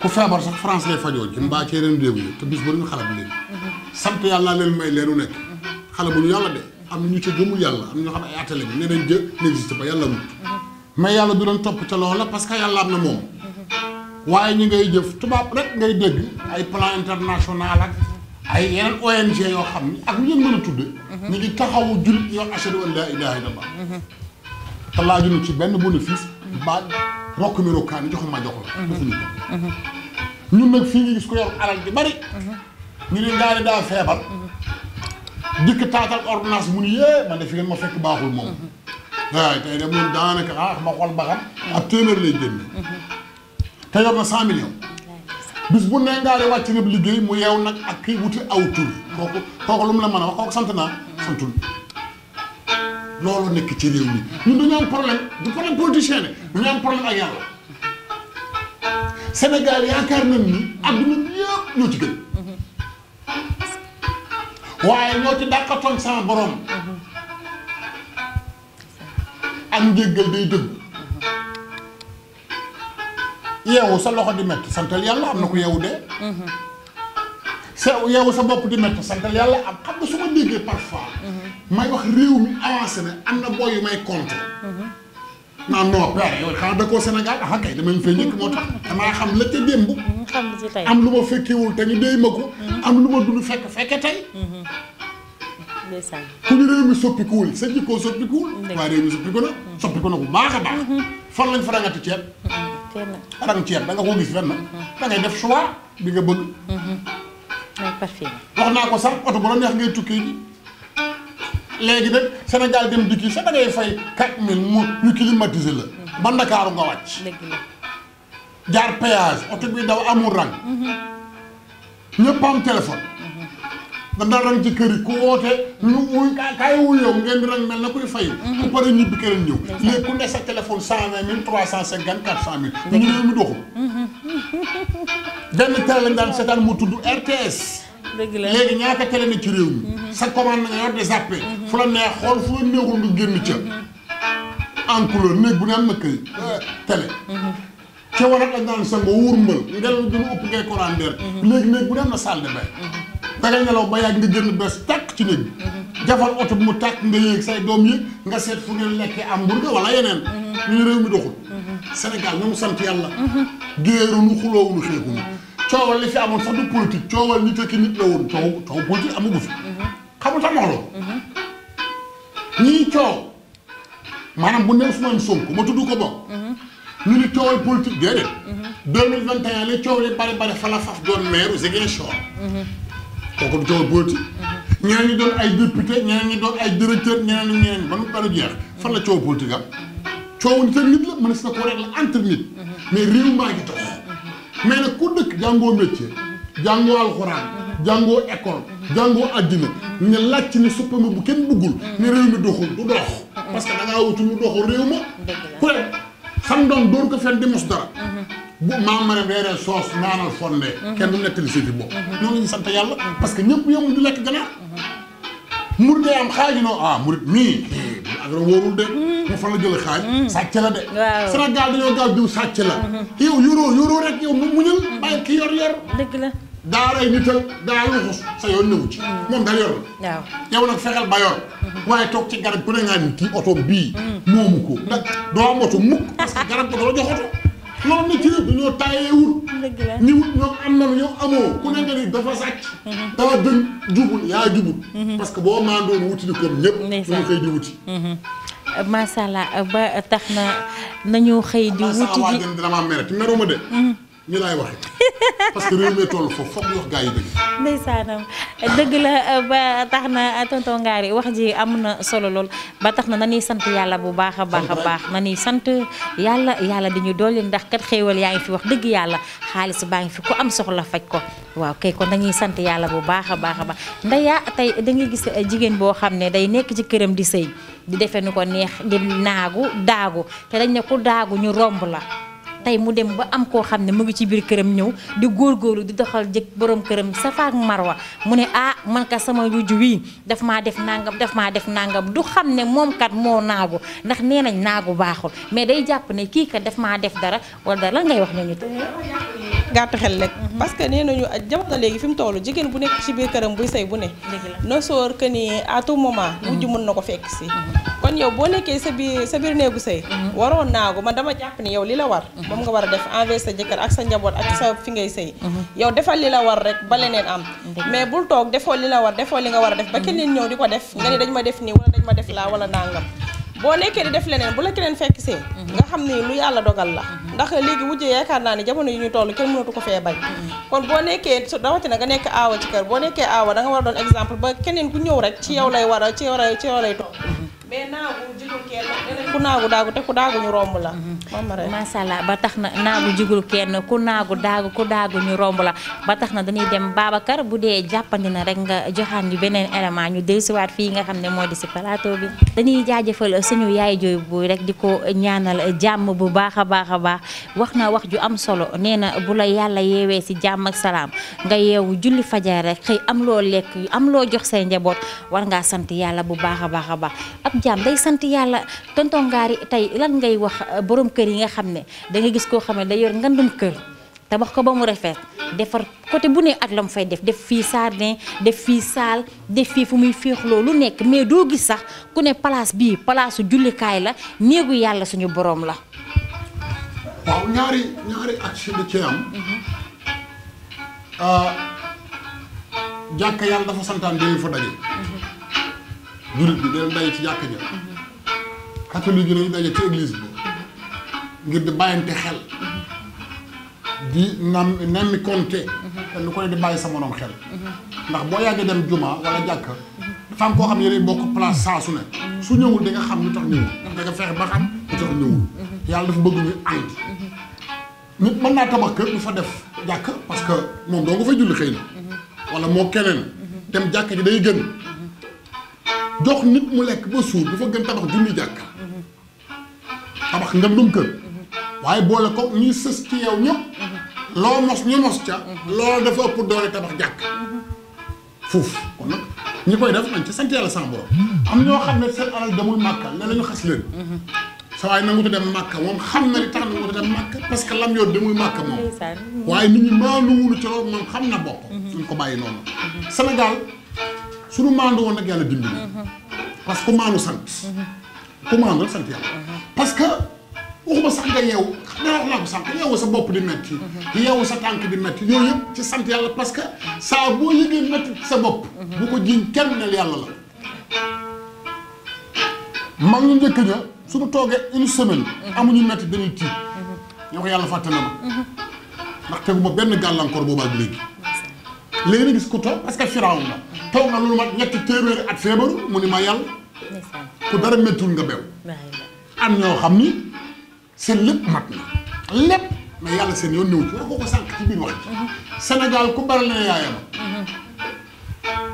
Speaker 2: ku feebar sax France lay ci mbaa ci yeneen réew yi te bis bu ne ñu xalab leen mhm. sant yàlla leen may leenu nekk xale bu ñu yàlla de am na ñu ci gëmul yàlla am na ñoo xam ne ay attelé bi ne nañ Dieu n'existe pas yàlla mu mais yàlla du doon topp ca loola parce que yàlla am na moom waaye ñu ngay jëf tubaab rek ngay dégg ay plan international ak ay yeneen ONG yoo xam ni ak ñu leen mën a tudd ñu ngi taxawu jullit yoo ashadu an laa ilaaha illallah te laajuñu ci benn bénéfice ba rokk mi rokkaan jox ma jox la defuñu ko ñun nag fii ngi gis ko yor alal bi bari ñu ne ngaa daa feebar dikk taatal ordonnance mu ni yee man de fi ngeen ma fekk baaxul moom. waaw tey de moom daanaka ah ma xool ba xam. ab téeméer lay génn. te yor na cent millions. bis bu ne ngaa wàcc na liggéey mu yeew nag ak kii wuti aw tur. kooku kooku lu mu la mën a wax sant naa santul. loolu nekk ci réew mi ñun dañu am problème du problème politicien ne dañu am problème ak yàlla Sénégal yaakaar nañ ni adduna bi yëpp ñoo ci gën. waaye ñoo ci dàqatoon sama borom ak njéggal day dëgg yeewu sa loxo di métti santal yàlla am na ko yeewu dee sa yeewu sa bopp di métti santal yàlla am xam nga su ma déggee parfois may wax réew mi avancé am na booy yu may compte naan non père yow xanaa dëkkoo Sénégal ah kay dama fay njëkk moo tax damaa xam la ca démb. xam am lu ma fekkewul te ñu déy ma ko. Mm-hmm. am lu ma dund fekk fekke tey. Mm-hmm. ndeysaan. ku ñu réew mi soppikuwul sa jikkoo soppikuwul. waaye réew mi soppiku na. Mm-hmm. soppiku na bu baax a baax. fan lañ fa rangati ceeb. kenn ceeb da nga ko gis fenn. da ngay def choix bi nga bëgg. wax naa ko sax oto bu la neex ngay tukkee ji. léegi nag Sénégal dem dikki sa da ngay fay 4000 mu ñu climatiser la. ba Ndakaaru nga wàcc. jaar péage oto bi daw amul rang. ñëpp am téléphone. dana mhm. rang ci kër yi ku woote ñu wuy ngeen rang mel na kuy fayu. Mhm. ku pare ñibbi keneen ñëw. léegi ku ne sa téléphone 120000 350000 400000. ñu ne ñu doxul.
Speaker 4: Mhm. *laughs*
Speaker 2: benn télé lañ daan seetaan mu tudd RTS. léegi ñaata télé na ci réew mi mhm. sa commande na nga yor mhm. di zappé fu la neex xool fu la nga génn ca mhm. en néeg bu ne na këy euh, télé ca war sa nga wóor mbal ngelaw dina ëpp ngay courant der léegi néeg bu ne am na nelaw ba yàgg nga génn bees tàkk ci néeg bi jafal oto bi mu tàkk nga yéeg say doom yi nga seet fu ngeen lekkee am burga wala yeneen ñu réew mi doxul Sénégal na mu sant yàlla géeru nu xuloowu nu xeexu coowal li fi amoon sax du politique coowal nit ak nit la woon coow coow politique amagu fi. xamul sax mox
Speaker 4: la.
Speaker 2: ñii coow maanaam bu ne Ousmane Sonko ma tudd ko bokk. ñu ni coowal politique déedéet. 2021 li coow li bari bari foofu la faf doon maire Ziguinchor. ñeneen ñi doon ay député ñeneen ñi doon ay directeur ñeneen ñi ñeneen ba mu bari fan la coow politique am coow nit ak la mën na si ko rek la entre mais réew maa ngi dox. mais nag ku dëkk jàngoo métier jàngoo alxuraan jàngoo école jàngoo àddina nga laaj ci ne suppame bu kenn buggul ne réew mi doxul du dox parce que da ngaa wutu lu doxul réew ma ku ne xam doon dóor ko fenn di mos dara bu maam ma ne reeree soos naanal fonde kenn du nettali seeti bopp noonu lañu sant yàlla parce que ñëpp yemul di lekk ganaar murid day am xaaju noo ah murid mii agro wóorul de. mu mm. fan la jëlee xaaj. Mm. sàcc la de. waaw Sénégal dañoo gaaw jiw sàcc la. Mm-hmm. yow yoroo yoroo rek yow mu muñal. Mm-hmm. bàyyi ki yor yor. dëgg la. daaray nital daal luxus sa yoon newu ci. Mm-hmm. moom daal yor la. waaw yow nag fexeel ba yor. waaye toog ci garab ku ne ngaa ni kii oto bii. Mm. moomu ko ndax doo am oto mukk parce garab ko doo jox oto. loolu nag ci réew dañoo taayee wut. dëgg la ñi wut yow amoo ku ne nga ni dafa sàcc.
Speaker 4: Mhm. daa
Speaker 2: jubul yaa jubul. Mhm. parce boo maandoon wuti di comme ñëpp. ndeysaan koy di wuti. Mhm.
Speaker 1: macha allah ba tax na nañu xëy di. wuti
Speaker 2: di dama mere ci meruma de. ñu laay waxe *laughs* parce que réew mi toll foofu foog wax gaa yi dëgg.
Speaker 1: ndeysaanam dëgg la ba tax na tonton Ngari wax ji am na solo lool ba tax na nañuy sant yàlla bu baax a baax a baax nañuy sant yàlla yàlla di ñu dolli ndax kat xéewal yaa ngi fi wax dëgg yàlla xaalis baa ngi fi ku am soxla faj ko waaw kay kon dañuy sant yàlla bu baax a baax a baax ndeya tey da ngay gis eh, jigéen boo xam ne day nekk ci këram di sëy di defee nu ko neex di naagu daagu te dañ ne ku daagu ñu romb la. tey mu dem ba am koo xam ne mu ngi ci biir këram ñëw di góorgóorlu di doxal jëg boroom këram safaak marwa mu ne ah man ka sama wujju wii daf maa def nangam daf maa def nangam du xam ne moom kat moo naagu ndax nee nañ naagu baaxul mais day jàpp ne kii kat daf maa def dara wala dara ngay wax ñooñu gàtt xel rek parce que nee nañu ah, jamono
Speaker 3: léegi fi mu toll jigéen bu nekk ci biir këram buy say bu ne no soor que ni à tout moment mm-hmm. wujju mën na ko fekk si mm-hmm. kon yow boo nekkee sa biir sa biir néegu say mm-hmm. waroo naagu man dama jàpp ne yow li la war moom nga war a def envers sa jëkkër ak sa njaboot ak sa fi ngay sëy yow defal li la war rek ba leneen am mais bul toog defoo li la war defoo li nga war a def ba keneen ñëw di ko def nga ne ma def nii wala dañ ma def laa wala nangam boo nekkee def leneen bu la keneen fekk see nga xam ni lu yàlla dogal la ndax léegi wujje yaakaar naa ne jamono yu ñu toll kenn mënatu ko fee bañ kon boo nekkee rawatina nga nekk aawa ci kër boo nekkee aawa da war a doon exemple ba keneen ku ñëw rek ci yow lay war a ci yow lay ci lay toog mais naagu jigul
Speaker 1: ku naagu daagu te ku daagu ñu romb la. Mhm. macha allah ba tax na naagu jigul kenn ku naagu daagu ku daagu ñu romb la ba tax na dañuy dem Babacar bu dee jàppandi na rek nga joxaan ñu beneen élément ñu dellusiwaat fii nga xam ne moo di si plateau bi. dañuy jaajëfal suñu yaay jooy bu rek di ko ñaanal jàmm bu baax a baax a baax wax na wax ju am solo nee na bu la yàlla yeewee si jàmm ak salaam nga yeewu julli fajar rek xëy am loo lekk am loo jox say njaboot war ngaa sant yàlla bu baax a baax a baax. jaam day sant yàlla tonton Ngari tey lan ngay wax euh, boroom kër yi nga xam ne da gis koo xam ne day yor ngandum kër tabax ko ba mu rafet defar côté bu ne at la mu fay def def fii jardin def fii saal def fii fu muy féexloo lu nekk mais doo gis sax ku ne place bii palaasu jullikaay la néegu yàlla suñu boroom la.
Speaker 2: waaw ñaari ñaari action di ci am. Mhm. Euh, jàkka yàlla dafa santaan dañuy fa daje. Mhm. jullit bi dañu daje ci jàkk ja catholique yi dañu daje ci église bi ngir di bàyyante xel di nam nemmi compté te lu ko ne di bàyyi sa morom xel ndax boo yàggee dem juma wala jàkk dafa am koo xam yéen bokk place saa su ne su ñëwul di nga xam lu tax fexe ba xam
Speaker 4: dafa
Speaker 2: bëgg ñu ànd nit mën naa tabax kër bu fa def jàkk parce que moom doo nga fay julli xëy na wala moo keneen dem jàkk ji day gën jox nit mu lekk ba suur dafa gën tabax junni jàkk tabax nga dum kër waaye boole ko ñuy sës ci yow ñëpp loo mos ñu mos ca loolu dafa ëpp doole tabax jàkk foofu kon nag ñi koy def nañ ci sant yàlla sama borom am ñoo xam ne seen alal demul màkka ne la ñu xas leen sa waay nangu te dem moom xam na li tax nangu te dem màkka parce que lam yoon demul màkka moom waaye nit ñi maanu wunu ci loolu moom xam na bopp suñ ko bàyyi noonu mm-hmm. Sénégal suñu maandu woon nag yàlla dimbali. Mhm. parce que ku maandu sant. Mhm. ku maandu sant yàlla. Mhm. parce que waxuma sax nga yeewu xam naa ko sànq yeewu sa bopp di metti yeewu sa tànk di metti yooyu ci sant yàlla parce que saa boo yëgee metti sa bopp. bu ko jiiñ kenn ne yàlla la. mag ñu njëkk ña suñu toogee une semaine. amuñu metti dañuy tiit. ñoo ko yàlla benn gàllankoor boobaa bi léegi. léegi gis ku toog parce que firaaw la. toog na lu mat ñetti téeméeri at feebaru mu ni ma yàlla ku dara méttul nga bew am ñoo xam ni seen lépp mat na lépp mais yàlla seen yoon néew ci wax ko ko sànq ci biir wax ci mhm. Sénégal ku baral ne mhm.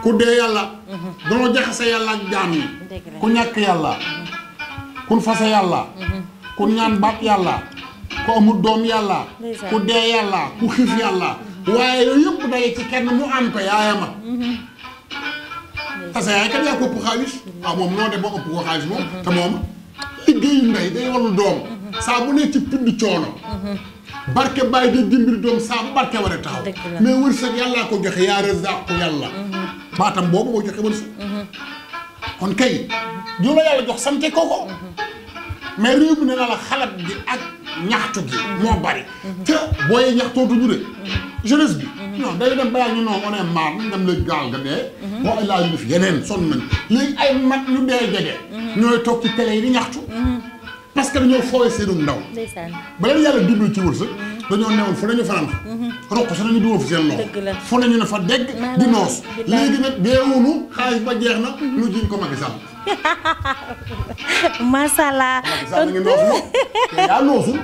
Speaker 2: ku dee yàlla mhm. danoo jaxase yàlla ak jaam yi ku ñàkk yàlla kun fase yàlla ku ñaan baat yàlla ku amul doom yàlla
Speaker 4: ku dee yàlla
Speaker 2: ku xiif yàlla waaye yooyu yëpp day ci kenn mu am ko yaayama parce que yaay kat yaa ko ëpp xaalis ah moom noo de boo ëpp ko xaalis moom te moom liggéeyu ndey day warul doom saa bu ci pind coono barke bàyyi di dimbali doom saa barke war taxaw mais wërsëg yàllaa ko joxe yaa razaqu yàlla baatam boobu moo joxe wërsëg mm-hmm. kon kay joo yàlla jox sante ko ko mais réew mi ne na la xalaat gi ak ñaxtu gi moo bari te booyee ñaxtootuñu de jeunesse bi mhm. non day dem balaa ñu non on est marre ñu dem léegi gaal nga dee ay mhm. laa ñu def yeneen sonn nañ ay mag ñu dee jege mhm. ñooy toog ci yi di ñaxtu parce que dañoo foowee seenum ndaw. ndeysaan ba leen yàlla dimbali ci wërsëg. dañoo newul fu nañu fanaan fa. Mm-hmm. roq su nañu dugal fi seen loxo. dëgg la fu ne fa dégg. di noos léegi nag deewuñu xaalis ba jeex na. Mm-hmm. lu jiñ ko Macky Sall. *laughs* *laughs*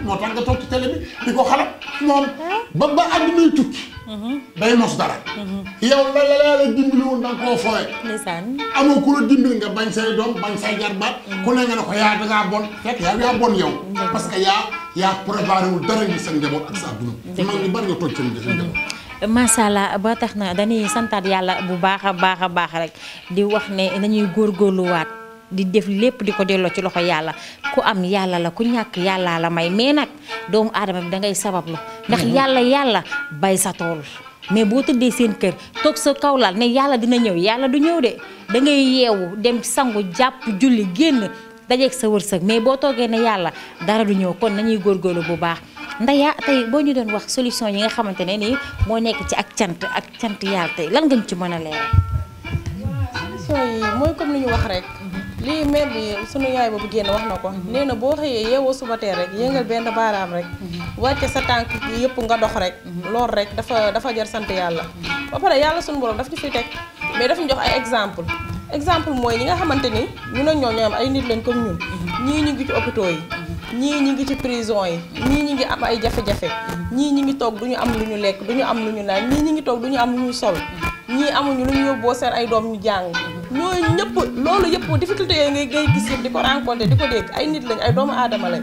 Speaker 2: moo tax nga toog ci télé bi di ko xalaat moom. Ah. ba ba àdduna tukki. Mm-hmm. day noos dara. yow la la la dimbali woon da nga que yaa
Speaker 1: macha mm-hmm. allah ba tax na dañuy santaat yàlla bu baax a baax a baax rek di wax ne nañuy góorluwaat di def lépp di ko delloo ci loxo yàlla ku am yàlla la ku ñàkk yàllaa la may mais nag doomu aadama bi da ngay sabablu ndax mm-hmm. yàlla yàlla bay sa tool. mais boo tëddee seen kër toog sa kaw laal ne yàlla dina ñëw yàlla du ñëw de dangay yeewu dem sangu jàpp julli génn dajeeg sa wërsëg mais boo toogee ne yàlla dara du ñëw kon nañuy góorgóorlu bu baax. Ndaya tey boo ñu doon wax solution yi nga xamante ne nii moo nekk ci ak cant ak cant yàlla tey lan nga ñu ci mën a leeral.
Speaker 3: solution yi mooy comme ni ñu wax rek. lii mère bi sunu yaay boobu génn wax na ko mhm. nee na boo xëyee yeewoo suba teel rek yëngal benn baaraam rek mhm. wàcce sa tànk yëpp nga dox rek mhm. lool rek dafa dafa jar sant yàlla ba pare yàlla sunu borom daf ñu fi teg mais daf ñu jox ay exemple exemple mooy ñi nga xamante ni ñu ak ñoom ñoo am ay nit lañ comme ñun ñii ñu ngi ci hôpitaux yi ñii ñi ngi ci prison yi ñii ñi ngi am ay jafe-jafe ñii ñi ngi toog ñu am lu ñu lekk ñu am lu ñu naaj ñii ñi ngi toog duñu am lu ñu sol ñii amuñu lu ñu boo seen ay doom ñu jàng ñooy ñëpp loolu yëpp difficulté yooyu ngay ngay gis yëpp di ko rencontré di ko dégg ay nit lañ ay doomu aadama lañ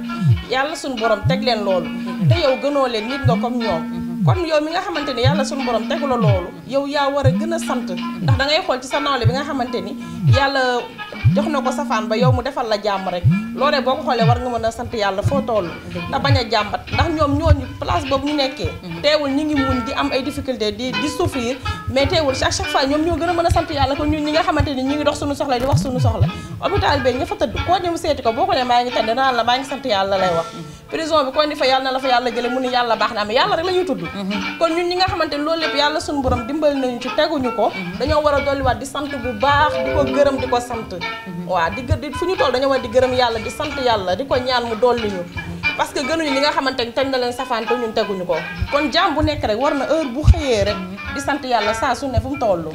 Speaker 3: yàlla suñu borom teg leen loolu te gënoo leen nit nga comme ñoom kon yow mi nga xamante ni yàlla suñu borom tegu la loolu yow yaa war a gën a sant ndax dangay xool ci sa nawle bi nga xamante ni yàlla jox na ko safaan ba yow mu defal la jàmm rek loolee boo ko xoolee war nga mën a sant yàlla foo toll te bañ a jàmbat ndax ñoom ñooñu place boobu ñu nekkee teewul ñu ngi muñ di am ay difficulté di di souffrir a mën a xamante ni ñu ngi dox suñu soxla di wax suñu soxla hôpital bi ña fa tëdd koo ñëw seeti ko boo ko ne maa ngi tëdd naan la maa ngi sant yàlla lay wax prison bi kon di fa yàlla na la fa yàlla jële mu ni yàlla baax na am yàlla rek la ñuy tudd kon ñun ñi nga xamante loolu lépp yàlla suñu borom dimbali nañu ci teguñu ko dañoo war a di sant bu baax di ko gërëm ko sant waaw di gë di fu ñu toll dañoo war di gërëm yàlla di sant yàlla di ko ñaan mu dolli ñu parce que gënuñu li nga xamante ni tañ na leen safaan te ñun teguñu ko kon jaam na heure bu xëyee rek di sant yàlla saa su ne fu mu toll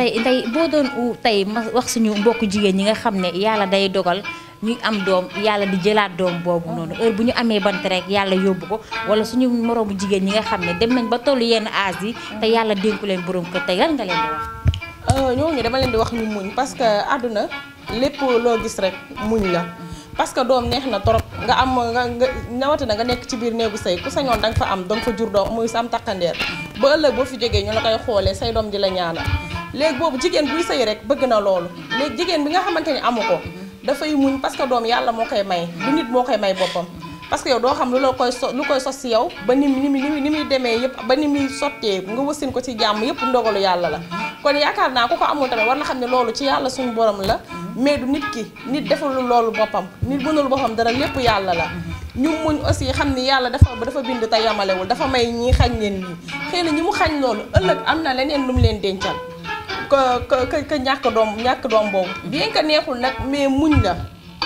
Speaker 3: tey
Speaker 1: tey boo doon tey ma wax suñu mbokk jigéen ñi nga xam ne yàlla day dogal ñuy am doom yàlla di jëlaat doom boobu noonu oh. heure bu ñu amee bant rek yàlla yóbbu ko wala suñu moroomu jigéen ñi nga xam ne dem nañ ba tollu yenn âge yi mm. te yàlla dénku leen borom kër tey lan nga leen di wax
Speaker 3: euh, ñooñu leen di wax ñu muñ parce que àdduna lépp loo gis rek muñ la parce que doom neex na trop nga am nga nga nawatina nga nekk ci biir néegu sëy ku sañoon danga fa am danga fa jur doom muy sa am boo fi jógee ñu xoolee say doom di la ñaanal léegi boobu jigéen buy sëy rek bëgg na loolu jigéen bi nga xamante ni amu ko mm-hmm. dafay muñ parce que doom yàlla moo koy may du nit moo koy may boppam parce que yow doo xam lu la koy so lu koy sos si yow ba ni ni mu ni muy demee yëpp ba ni muy sottee nga wasin ko ci jàmm yëpp ndogalu yàlla la kon yaakaar naa ku ko amul tamit war na xam ne loolu ci yàlla suñu borom la mais du nit ki nit defalul loolu boppam nit mënul boppam dara lépp yàlla la ñu muñ aussi xam ne yàlla ba dafa bind te yamalewul dafa may ñi xañ leen ñi xëy na ñi mu xañ loolu ëllëg am na leneen lu mu leen dencal que que ñàkk doom ñàkk doom boobu. Mhm. bien que neexul nag mais muñ la.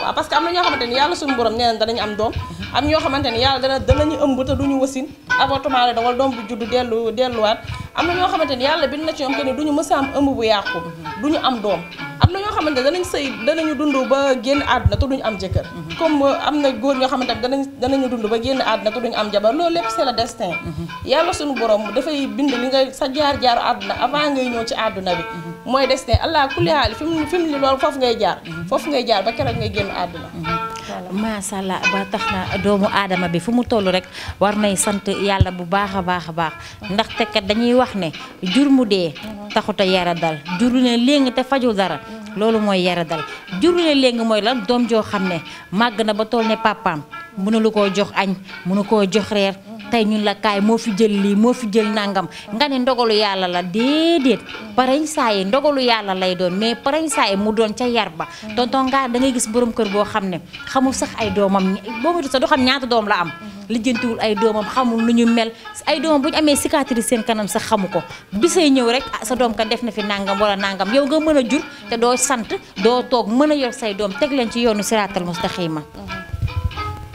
Speaker 3: waaw parce que am na ñoo xamante ni yàlla suñu borom nee na danañ am doom mhm. am ñoo xamante ni yàlla dana danañu ëmb te ñu wasin avortement la dawal doom bu juddu dellu delluwaat am na ñoo xamante ni yàlla bind na ci ñoom que ni duñu mës a am ëmb bu yàqu mhm. ñu am doom. am na ñoo xamante danañ sëy danañu dund ba génn àdduna te duñu am jëkkër mhm. comme euh, am na góor ñoo xamante danañ danañu dund ba génn àdduna te duñu am jabar loolu lépp c'est le destin mhm. yàlla suñu borom dafay bind li nga sa jaar-jaaru àdduna avant ngay ñëw ci àdduna bi mhm. mooy destin allah kulli haali fi mu fi mu loolu foofu ngay jaar foofu ngay jaar ba keroog ngay génn
Speaker 1: àdduna macha allah ba tax na doomu aadama bi fu mu toll rek war nay sant yàlla bu baax a baax a baax ndaxte kat dañuy wax ne jur mu dee taxut a yara dal jur ne léegi te fajul dara loolu mooy yara dal jur ne léegi mooy lan doom joo xam ne màgg na ba toll ne papaam mënu lu koo jox añ mënu koo jox reer tey ñun la kaay moo fi jël lii moo fi jël nangam nga ne ndogalu yàlla la déedéet parañ saa yi ndogalu yàlla lay doon mais parañ saa yi mu doon ca yar ba tonton nga da ngay gis boroom kër boo xam ne xamul sax ay doomam boobu sax du xam ñaata doom la am lijjantiwul ay doomam xamul nu ñu mel ay doomam bu ñu amee cicatrice seen kanam sax xamu ko bisay ñëw rek ah, sa doom ka def na fi nangam wala nangam yow nga mën a jur te doo sant doo toog mën a yor say doom teg leen ci yoonu siraatal mustaxima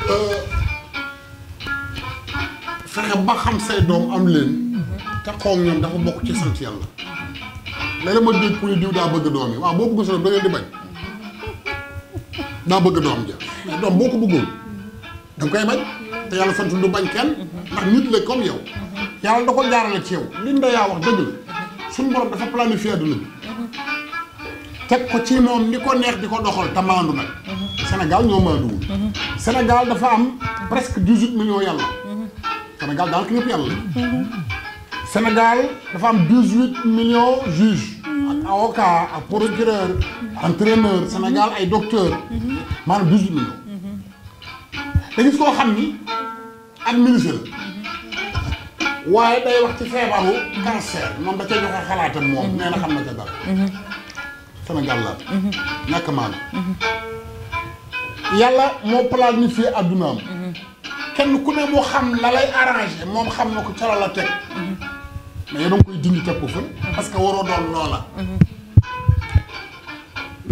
Speaker 4: euh,
Speaker 2: fexe ba xam say doom am leen taxaw ñoom dafa bokk ci sant yàlla léeg-léeg ma dégg ku ne diw daa bëgg doom yi waaw boo bëgg sa doom da bañ daa bëgg doom ja mais doom boo ko bëggul da koy bañ te yàlla sant du bañ kenn ndax nit la comme yow yàlla da ko jaarale ci yow li ndeyaa wax dëgg la suñu borom dafa planifié adduna bi teg ko ci moom ni ko neex di ko doxal te maandu nag Sénégal ñoo maanduwul Sénégal dafa am presque dix-huit millions yàlla Sénégal daal ku ñëpp yàlla Sénégal dafa am dix-huit millions juges hmm. ak avocat ak procureur entraîneur Sénégal ay docteur hmm. maanaam dix-huit millions da hmm. gis xam ni ak ministre waaye day wax feebaru cancer moom da cay joxe xalaatam moom nee na xam na ca Sénégal la ñàkk maanaam yàlla moo planifié addunaam kenn ku ne mu xam la lay arrangé moom xam na ko ca la la teg mais yow koy dindi teg ko fa parce que waroo doon loola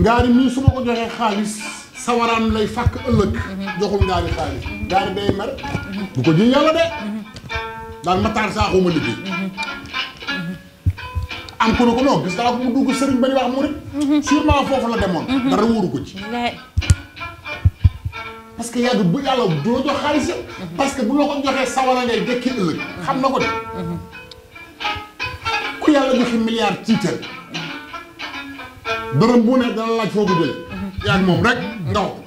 Speaker 2: ngaari mii su ma ko joxee xaalis sawaraan lay fàkk ëllëg joxul ngaari xaalis ngaari day mer bu ko ji yàlla de daal ma taar saaxuma liggéey am ko ne ko non mu dugg sëriñ ba di wax mu rek sûrement foofu la demoon dara wóoru ko ci parce que yàlla bu yàlla doo jox xaalis parce que bu la ko joxee sawara ngay dëkki ëllëg xam na de ku yàlla joxe milliard tiital dërëm bu ne dana laaj foo ko jëlee yaa moom rek nga wax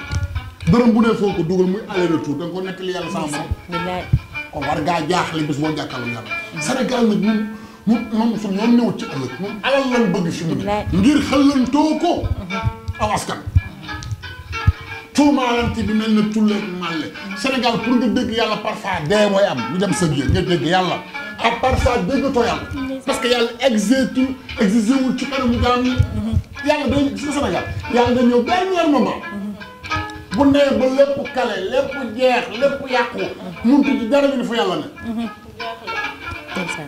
Speaker 2: dërëm ko dugal muy aller retour da ko nekk li yàlla sama borom kon war ngaa jaaxle bés boo jàkkaarloo yàlla Sénégal nag ñun ñun moom su ñoom ñëw ci ëllëg moom alal lan bëgg fi mu ne ngir xëllantoo ko aw tuumaalante bi mel na tulleeg màlle Sénégal pour nga dégg yàlla parfois dee mooy am ñu dem sa biir nga dégg yàlla à part ça déggatoo yàlla parce que yàlla exécuté exigé wul ci kanamu jaam yi yàlla day gis nga Sénégal yàlla dañ ñëw dernier moment bu nee ba lépp kale lépp jeex lépp yàqu mënut ci dara ñu ne fa yàlla ne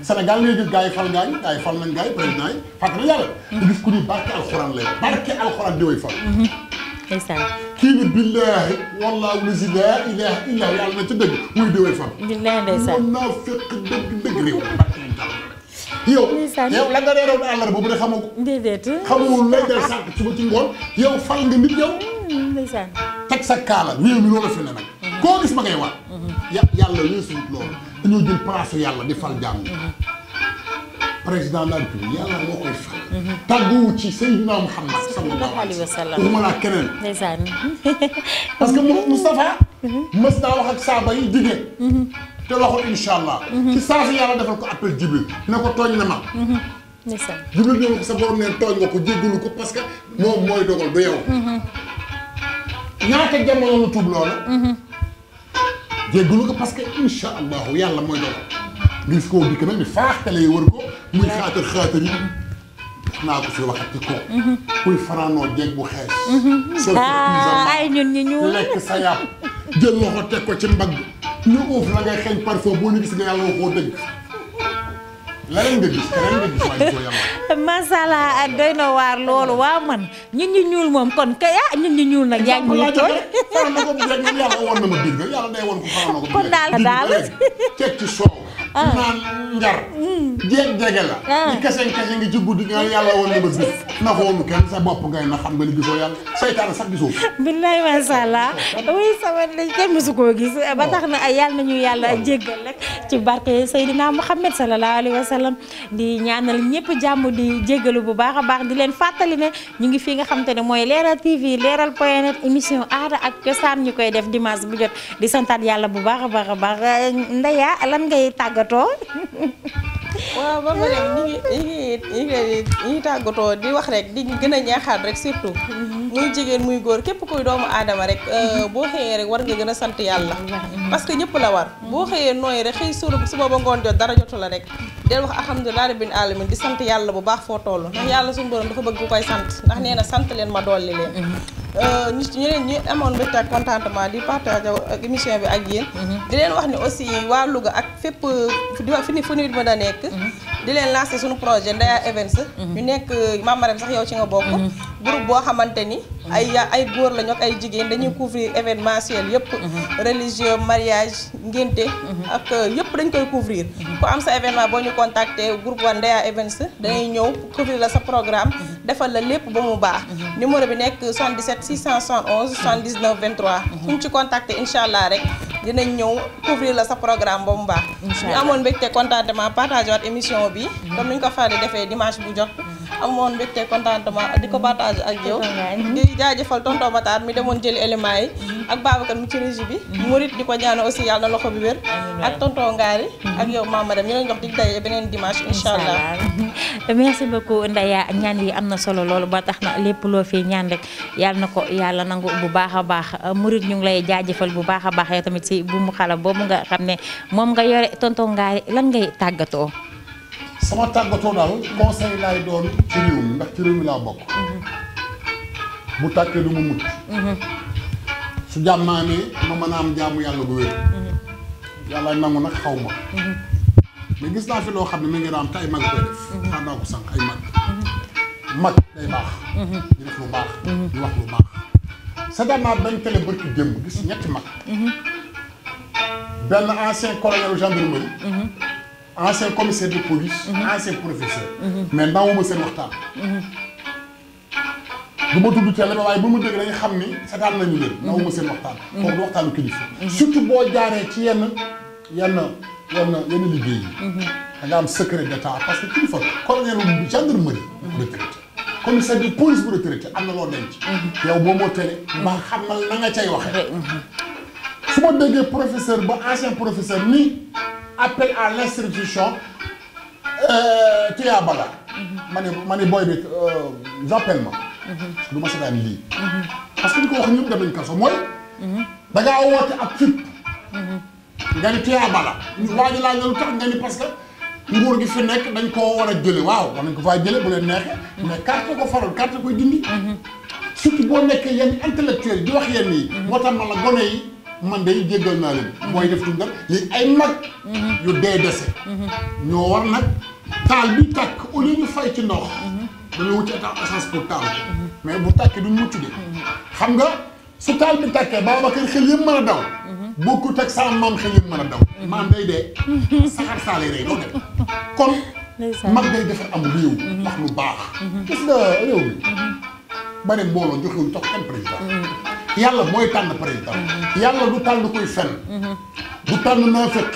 Speaker 2: Sénégal ngay gis gars yi fal ngaa ñu gars yi fal nañ gars yi président yi fàttali yàlla. gis ku ni barke alxuraan lay barke alxuraan di way fal. ndeysaan kii bi billaahi wallaahi lasi laa ilaaha illaa yàlla na ca dëgg muy déwél fan billaahi ndeysaan mën naa fekk dëgg dëgg réew yow yow la nga reeroon àllar boobu de xamoo ko déedéet xamoo lay dal sànq suba ci ngoon yow fal nga nit yow hmm, ndeysaan teg sa kaala réew mi loolu fi ne nag koo gis ma ngay wax hmm. yàlla weesu loolu dañoo jël place yàlla di fal jàmm hmm. président de la République yàlla moo koy fal. Mhm. tàgguwu ci Seydina Mouhamed. sallallahu alayhi wa sallam pour mën a keneen. ndeysaan. *laughs* parce que Moustapha. Mhm. mës naa wax ak saaba yi dige. Mhm. te loxo incha allah. ci saa si yàlla defal ko appel Jibril ne ko tooñ na ma. ndeysaan Jibril ñëw ko sa borom neen tooñ nga ko jéggalu ko parce que moom mooy dogal du yow. ñaata jamono lu tuub loola. jéggalu ko parce que incha allahu yàlla mooy dogal. gis koo dikk nag ni ko muy xaatar xaatar yi naa ko fi waxati mhm. mhm. ah, lekk sa yàpp jël loxo teg ko ci mbagg ñu uuf la ngay xeeñ parfum boo ni gis nga yàlla waxoo dëgg. *laughs*
Speaker 1: Ah, doy na waar loolu waa man ñun ñu ñuul moom kon kay ah ñun ñu ñuul nag. yaa ngi ñuy tooy
Speaker 2: faral na ko bu rek yàlla woon na ma biir yàlla day woon ko faral na ko. kon daal daal teg ci naan njar mm. jeeg jege la. di ah. kese kese ngi ci guddi nga yàlla woon na naxoonu kenn sa bopp ngay na xam nga ni gisoo yàlla saytaane sax gisoo.
Speaker 1: billahi macha allah oui sama lañ kenn mësu koo gis ba tax na ay yàlla ñu yàlla jéggal rek ci barke Seydina Mouhamed sallallahu alayhi wa sallam di ñaanal ñëpp jàmm di jéggalu bu baax a baax di leen fàttali ne ñu ngi fii nga xam te ne mooy leeral TV leeral point net émission aada ak cosaan ñu koy def dimanche bu jot di santaat yàlla bu baax a baax a baax Ndeya lan ngay tàggatoo.
Speaker 3: *laughs* waaw ba pare ñu ngi ñu ñu tàggatoo di wax rek di gën a ñaaxaat rek surtout. Mhm. muy jigéen muy góor képp kuy doomu aadama rek euh, mhm. boo xëyee rek war nga gën a sant yàlla. Mhm. parce que ñëpp la war. boo xëyee nooy rek xëy suur suba ba ngoon jot dara jotu la rek. del wax alhamdulilah rabbil alamin di sant yàlla bu baax foo toll ndax yàlla suñu borom dafa bëgg ku koy sant ndax nee na sant leen ma dolli leen. Euh, ñu ñu leen ñu amoon mbégte ak contentement di partage ak émission bi ak yéen. di leen wax ne aussi waa Louga ak fépp di wax fi ni nekk di leen lancer suñu projet Ndeya Events ñu nekk Mame Marème sax yow ci nga bokk mhm. groupe boo xamante ni ay ay góor la ñoo ay jigéen dañuy couvrir événementiel yëpp mhm. religieux mariage ngénte mhm. ak euh, yëpp dañ koy couvrir ku am sa événement boo ñu contacter groupe waa Ndeya Events dañuy ñëw couvrir la sa programme defal la lépp ba mu baax numéro bi nekk 77 671 79 23 suñ ci contacter incha allah rek dinañ ñëw couvrir la sa programme ba mu baax ñu amoon mbégte contentement waat émission bi comme niñ ko faale defee dimanche bu jot amoon mbégte contentement di ko partage ak yow di jaajëfal tonton Matar mi demoon jëli éléments yi ak Babacar mu ci régie bi Murit di ko ñaano yàlla loxo bi wér ak tonton ak yow maam madame ñu leen beneen dimanche incha allah
Speaker 1: *laughs* merci beaucoup Ndaya ñaan yi am na solo loolu ba tax na lépp loo fii ñaan rek na ko yàlla nangu bu baax a baax Murit ñu ngi lay jaajëfal bu baax a baax tamit si bu mu xala boobu nga xam ne moom nga yore tonton Ngari lan ngay tàggatoo
Speaker 2: sama tàggatoo daal conseil laay doon ci réew ndax ci réew mi laa bokk. Mhm. bu tàkkee du ma mucc. Mhm. su jàmmaanee ma mën a am jaamu yàlla bu wér. Mhm. yàlla nangu nag xaw ma. gis naa fi loo xam ne mi ngi raam te ay mag koy def. xam naa ko sànq ay mag. mag day baax. di def lu baax. di wax lu baax. seetaan naa benn télé barki démb gis ñetti mag. benn ancien commissaire de police. Mhm. ancien professeur. Mhm. Mhm. mais ndaw ma seen waxtaan. du ma tudd télé waaye bu ma dégg dañuy xam ni seetaan nañu leen. ndaw ma seen waxtaan. kooku du waxtaanu kilifa. surtout boo jaaree ci yenn yenn yenn yenn liggéey yi. da nga am parce que kilifa colonel bu gendarmerie. retraité commissaire de police bu retraité am na loo denc. yow boo moo télé. ma xam na nga cay waxee. su ma déggee professeur ba ancien professeur ni appel à l'institution euh, tuyaa bala mhm. ma ne ma ne booy bi euh, j'appelle ma lu mhm. ma seetaan lii mhm. parce que ñu ko wax ñëpp dem nañ kaso mooy ba ngaa woote ak fit nga ni tuyaa bala waa ji laa nga lu tax nga ni parce que nguur gi fi nekk dañ koo war a jële waaw war nañ ko faa jële bu leen neexee mais carte ko faral carte koy dindi surtout boo nekkee yenn intellectuel di wax yenn yi moo tax man la gone yi man day jéggal naa leen. mooy def tuuti dara léegi ay mag.
Speaker 4: yu dee dese.
Speaker 2: ñoo war nag taal bi tàkk au lieu ñu fay ci ndox. dañoo wuti état essence pour taal mais bu tàkkee duñ mucc de. xam nga su taal bi tàkkee Babacar xel yëpp mën a daw. bokkut ak sa maam xel yëpp mën a daw. maam day dee. saxaar saa lay rey kon. mag day defar am réew. wax lu baax. gis nga réew mi. ba ne mbooloo joxewul toog kenn président. yàlla mooy tànn président. yàlla du tànn koy fen du tànn naa fekk.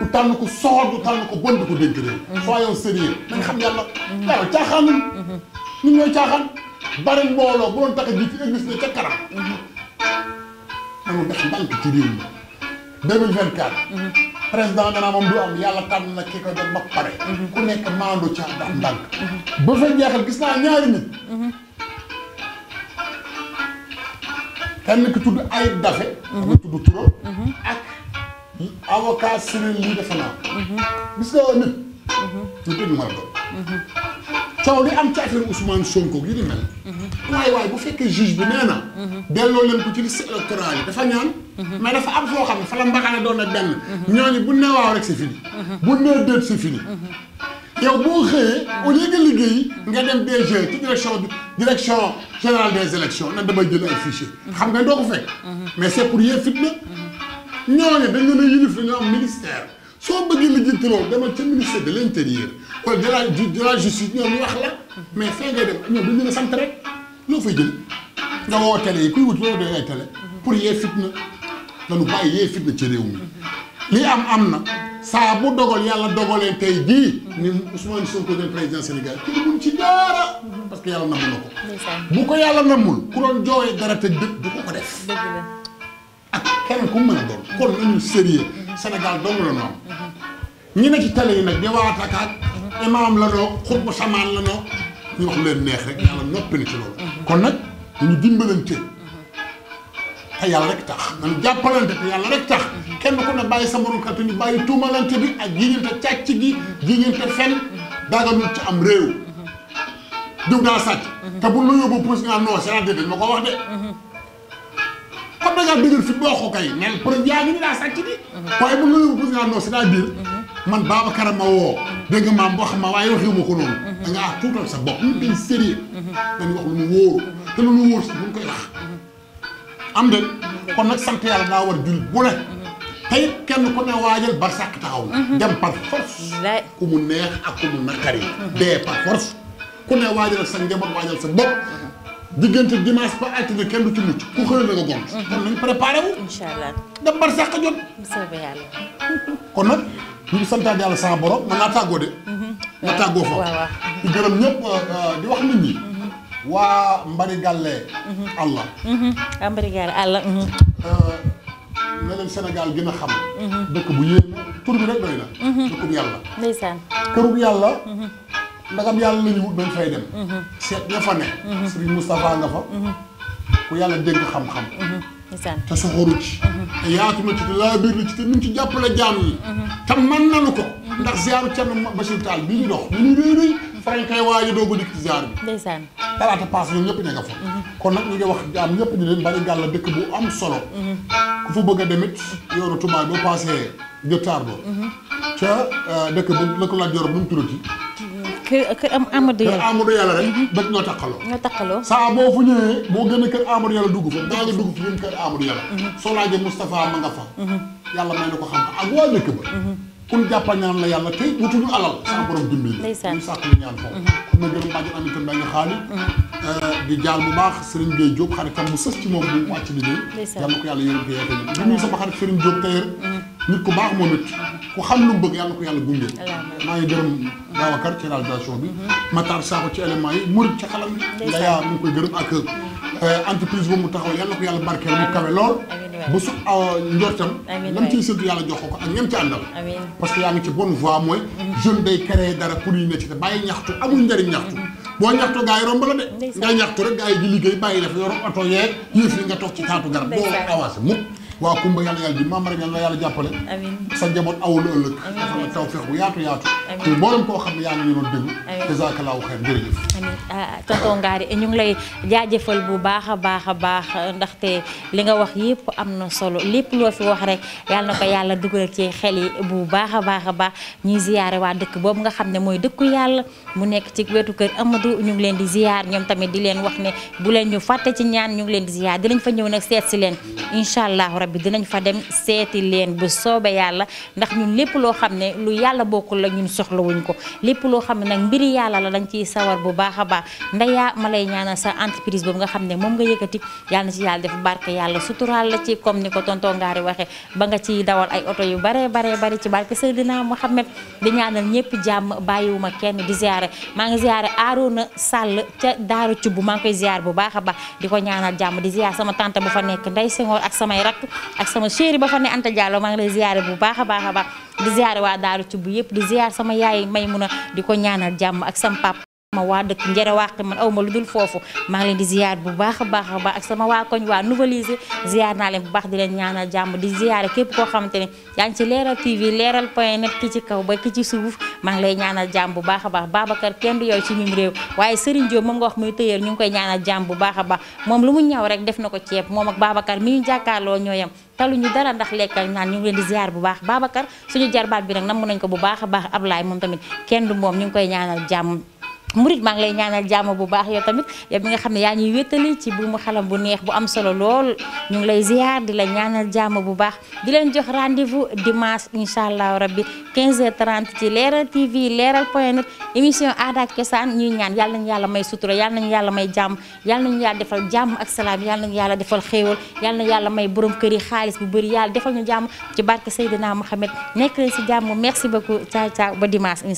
Speaker 2: du tànn ko soxor du tànn ko bon du ko dénk réew. soyons sérieux nañ xam yàlla. yàlla caaxaanuñ. ñun ñooy caaxaan. bari mbooloo bu doon tax a ji ci église la ca kanam. amul ndax ndànk ci réew mi. 2024. président danaa moom du am yàlla tànn na kii ko doon ba pare. ku nekk maandu ca ndax ndànk. ba fa jeexal gis naa ñaari nit. kenn ki tudd Ayib Dafe. Mhm. nga tudd Tura. Mhm. ak avocat Cyril lii defe naa gis nga nit. Mhm. ñu dégg ma la coow li am ci affaire Ousmane Sonko yu ni mel. waaye waaye bu fekkee juge bi nee na. delloo leen ko ci liste électorale yi dafa ñaan. mais dafa am foo xam ne fa la mbaxane doon na benn. ñooñu bu nee waaw rek c'est fini. bu nee déet c'est fini. yow boo xëyee au lieu nga liggéey nga dem DG ci direction direction générale ay fichier xam nga doo ko fekk mais c'est pour yee fitna ñooñu dañ leen a yilif la ñu am ministère soo bëggee lijjanti loolu demal ca ministère de l'intérieur wala de la justice ñoom ñu wax mais fee ngay dem ñoom a sant rek loo fay ay fitna nanu bàyyi yee am am na saa bu dogal yàlla dogalee tey jii ni Ousmane Sonko doon président Sénégal ki du mun ci dara parce que yàlla namm na
Speaker 4: ko
Speaker 2: bu ko yàlla nammul ku doon jooyee dara te dëkk ko ko def ak kenn ku mën a doon kon nañu sérieux mhm. Sénégal dong la noonu mhm. ñi ne ci télé yi nag di waatakaat imaam la noo xutba samaan la noo ñu wax leen neex rek yàlla noppi na ci loolu mhm. kon nag ñu dimbalante te yàlla rek tax man jàppalante te yàlla rek tax kenn ku ne bàyyi sa morom kat ñu bàyyi tuumalante bi ak jiñante càcc gi jiñante fen daganul ci am réew diw daa sàcc te bu la yóbbu police nga non c'est ma ko wax daa sàcc di waaye bu la yóbbu police nga man Babacar ma woo dégg nga maam wax ma waaye waxee ma ko noonu da nga tuutal sa bopp ñu dañ sérieux wax lu mu wóoru te lu mu wóor si bu ñu koy wax am de kon nag sant yàlla daa war jul bu ne tey kenn ku ne waajal bar taxaw na mhm. dem par force ku mu neex ak ku mu naqari mhm. dee par force ku ne waajal sa njaboot waajal sa bopp diggante dimanche ba altine kenn du ci mucc ku xëy na nga gont mhm. kon nañ préparé wu incha allah dem *laughs* tàggoo de nga tàggoo fa di gërëm ñëpp euh, euh, di wax nit ñi waa Mbarigalle. Mhm. Allah. Mhm. waa Mbarigalle Allah. na mhm. euh, leen Sénégal gën a xam. dëkk bu yéeme tur bi rek doy na. dëkkub yàlla. ndeysaan kërub yàlla. ndagam yàlla la ñu wut dañ fay dem. seet nga fa ne. Serigne Moustapha nga fa. ku yàlla dégg xam-xam. ndeysaan te soxoru ci. te yaatu na ci te laa biir na ci te ñu ci jàppale jaam yi. te mën nañu ko. ndax ziaru Thierno Bachir Tall bii ñu dox. ñu ngi rëy rëy. faral di koy waaj a doog a dikk ci ziar bi. ndeysaan. talaata paas ñoom ñëpp ña nga fa. kon nag ñu ngi wax am ñëpp ñu leen bari gàll dëkk bu am solo. ku fa bëgg a demit yoonu Touba boo paasee jotaar ba. ca euh, dëkk bu lëkk laa jor bu mu tuddati.
Speaker 1: kër kër Amadou
Speaker 2: Yàlla kër Amadou Yàlla rek. bët ñoo takkaloo. saa boo fu ñëwee boo génnee kër Amadou Yàlla dugg fa daa dugg fi ñun kër Amadou Yàlla. Mm-hmm. soo laajee Moustapha ma nga fa. Mm-hmm. yàlla may na ko xam ak waa dëkk ba. Mm-hmm. ku ñu jàppa ñaan la yàlla tey wutuñu alal ah. sama borom dimbali la ñu sàkk ñaan foofu xam na gërëm bàjjan am itam dañu xaali
Speaker 4: mm-hmm.
Speaker 2: eh, di jaar bu baax Serigne Gueye Diop xaritam mu sës ci moom bu wàcc liggéey yàlla ko yàlla yërëm ko yeete ñu sama xarit nit ku baax moom it ku xam lu mu bëgg yàlla ko yàlla gunge maa ngi gërëm Babacar ci réalisation bi mhm. Matar Sakho ci élément yi Mourid ci xalam nga yaa mu ngi koy gërëm ak euh, entreprise boobu mu yàlla ko yàlla barkeel mu kawe lool bu su euh, njortam lam ciy séntu yàlla jox ko ak ñem ci àndal parce que yaa ngi ci bonne voie mooy mhm. jeune day créer dara pour ne ci te bàyyi ñaxtu amul njëriñ ñaxtu mhm. boo ñaxtu gaa yi romb la de ngay ñaxtu rek gaa yi liggéey bàyyi def yoro oto yeeg yëf yi nga toog ci taatu garab waa Kumba yàlla yàlla bi maam Maram yàlla yàlla jàppale sa njaboot awul ëllëg dafa la taw feex bu yaatu yaatu te mboolem ñu doon déglu
Speaker 1: ah, ngi lay jaajëfal bu baax a baax a baax ndaxte li nga wax yëpp am na solo lépp loo fi wax rek yàlla na ko yàlla dugal ci xel yi bu baax a baax a baax ñuy ziyaare waa dëkk boobu nga xam ne mooy dëkku yàlla mu nekk ci wetu kër amatu ñu ngi leen di ziyaar ñoom tamit di leen wax ne bu leen ñu fàtte ci ñaan ñu ngi leen di ziyaar dinañ fa ñëw nag seet si leen incha allah bi dinañ fa dem seeti leen bu soobee yàlla ndax ñun lépp loo xam ne lu yàlla bokkul la ñun soxlawuñ ko lépp loo xam ne nag mbiri yàlla la dañ ciy sawar bu baax a baax ndeyaa ma lay ñaanal sa entreprise boobu nga xam ne moom nga yëkkati yàlla na ci yàlla def barke yàlla suturaal la ci comme ni ko tonton Ngaari waxee ba nga ciy dawal ay oto yu bare bare bari ci barke Seydina Mohamed di ñaanal ñëpp jàmm bàyyiwuma kenn di ziare maa ngi ziare Arouna Sall ca Daaru Cubb maa bu baax a baax di ko ñaanal sama tante bu fa nekk Ndey Senghor ak samay ak sama chéri ba fa ne Anta Diallo maa ngi lay ziare bu baax a baax a baax di ziare waa Daaru Cubb yëpp di ziare sama yaay may Maymuna di ko ñaanal jàmm ak sam pap ma waa dëkk njëre wàqi man aw ma lu dul foofu maa ngi leen di ziar bu baax a baax a ak sama waa koñ waa nouvellisé ziar naa leen bu baax di leen ñaana jàmm di ziar képp koo xamante ne yaa ngi ci leeral tv leeral point net ki ci kaw ba ki ci suuf maa ngi lay ñaanal jàmm bu baax a baax Babacar kenn du yow ci ñum réew waaye Serigne Diop moom nga wax muy tëyeer ñu ngi koy ñaanal jàmm bu baax a baax moom lu mu ñaw rek def na ko ceeb moom ak Babacar mi ñu jàkkaarloo ñoo yam taluñu dara lekk naan ñu ngi leen di ziar bu baax Babacar suñu jarbaat bi nag namm nañ ko bu baax a baax Ablaye moom kenn du ñu ngi koy ñaanal jàmm murit maa ngi lay ñaanal jàmm bu baax yow tamit yow bi nga xam ne yaa ñuy wéttali ci bu mu xalam bu neex bu am solo lool ñu ngi lay ziar di la ñaanal jàmm bu baax di leen jox rendez-vous dimanche incha allah rabbi 15h30 ci leeral TV leeral point net émission aada ak cosaan ñuy ñaan yàlla nañu yàlla may sutura yàlla nañu yàlla may jàmm yàlla nañu yàlla defal jàmm ak salaam yàlla nañu yàlla defal xéewal yàlla nañu yàlla may borom kër yi xaalis bu bëri yàlla defal ñu jàmm ci barke Seydina Mohamed nekk leen si jàmm merci beaucoup ciao ciao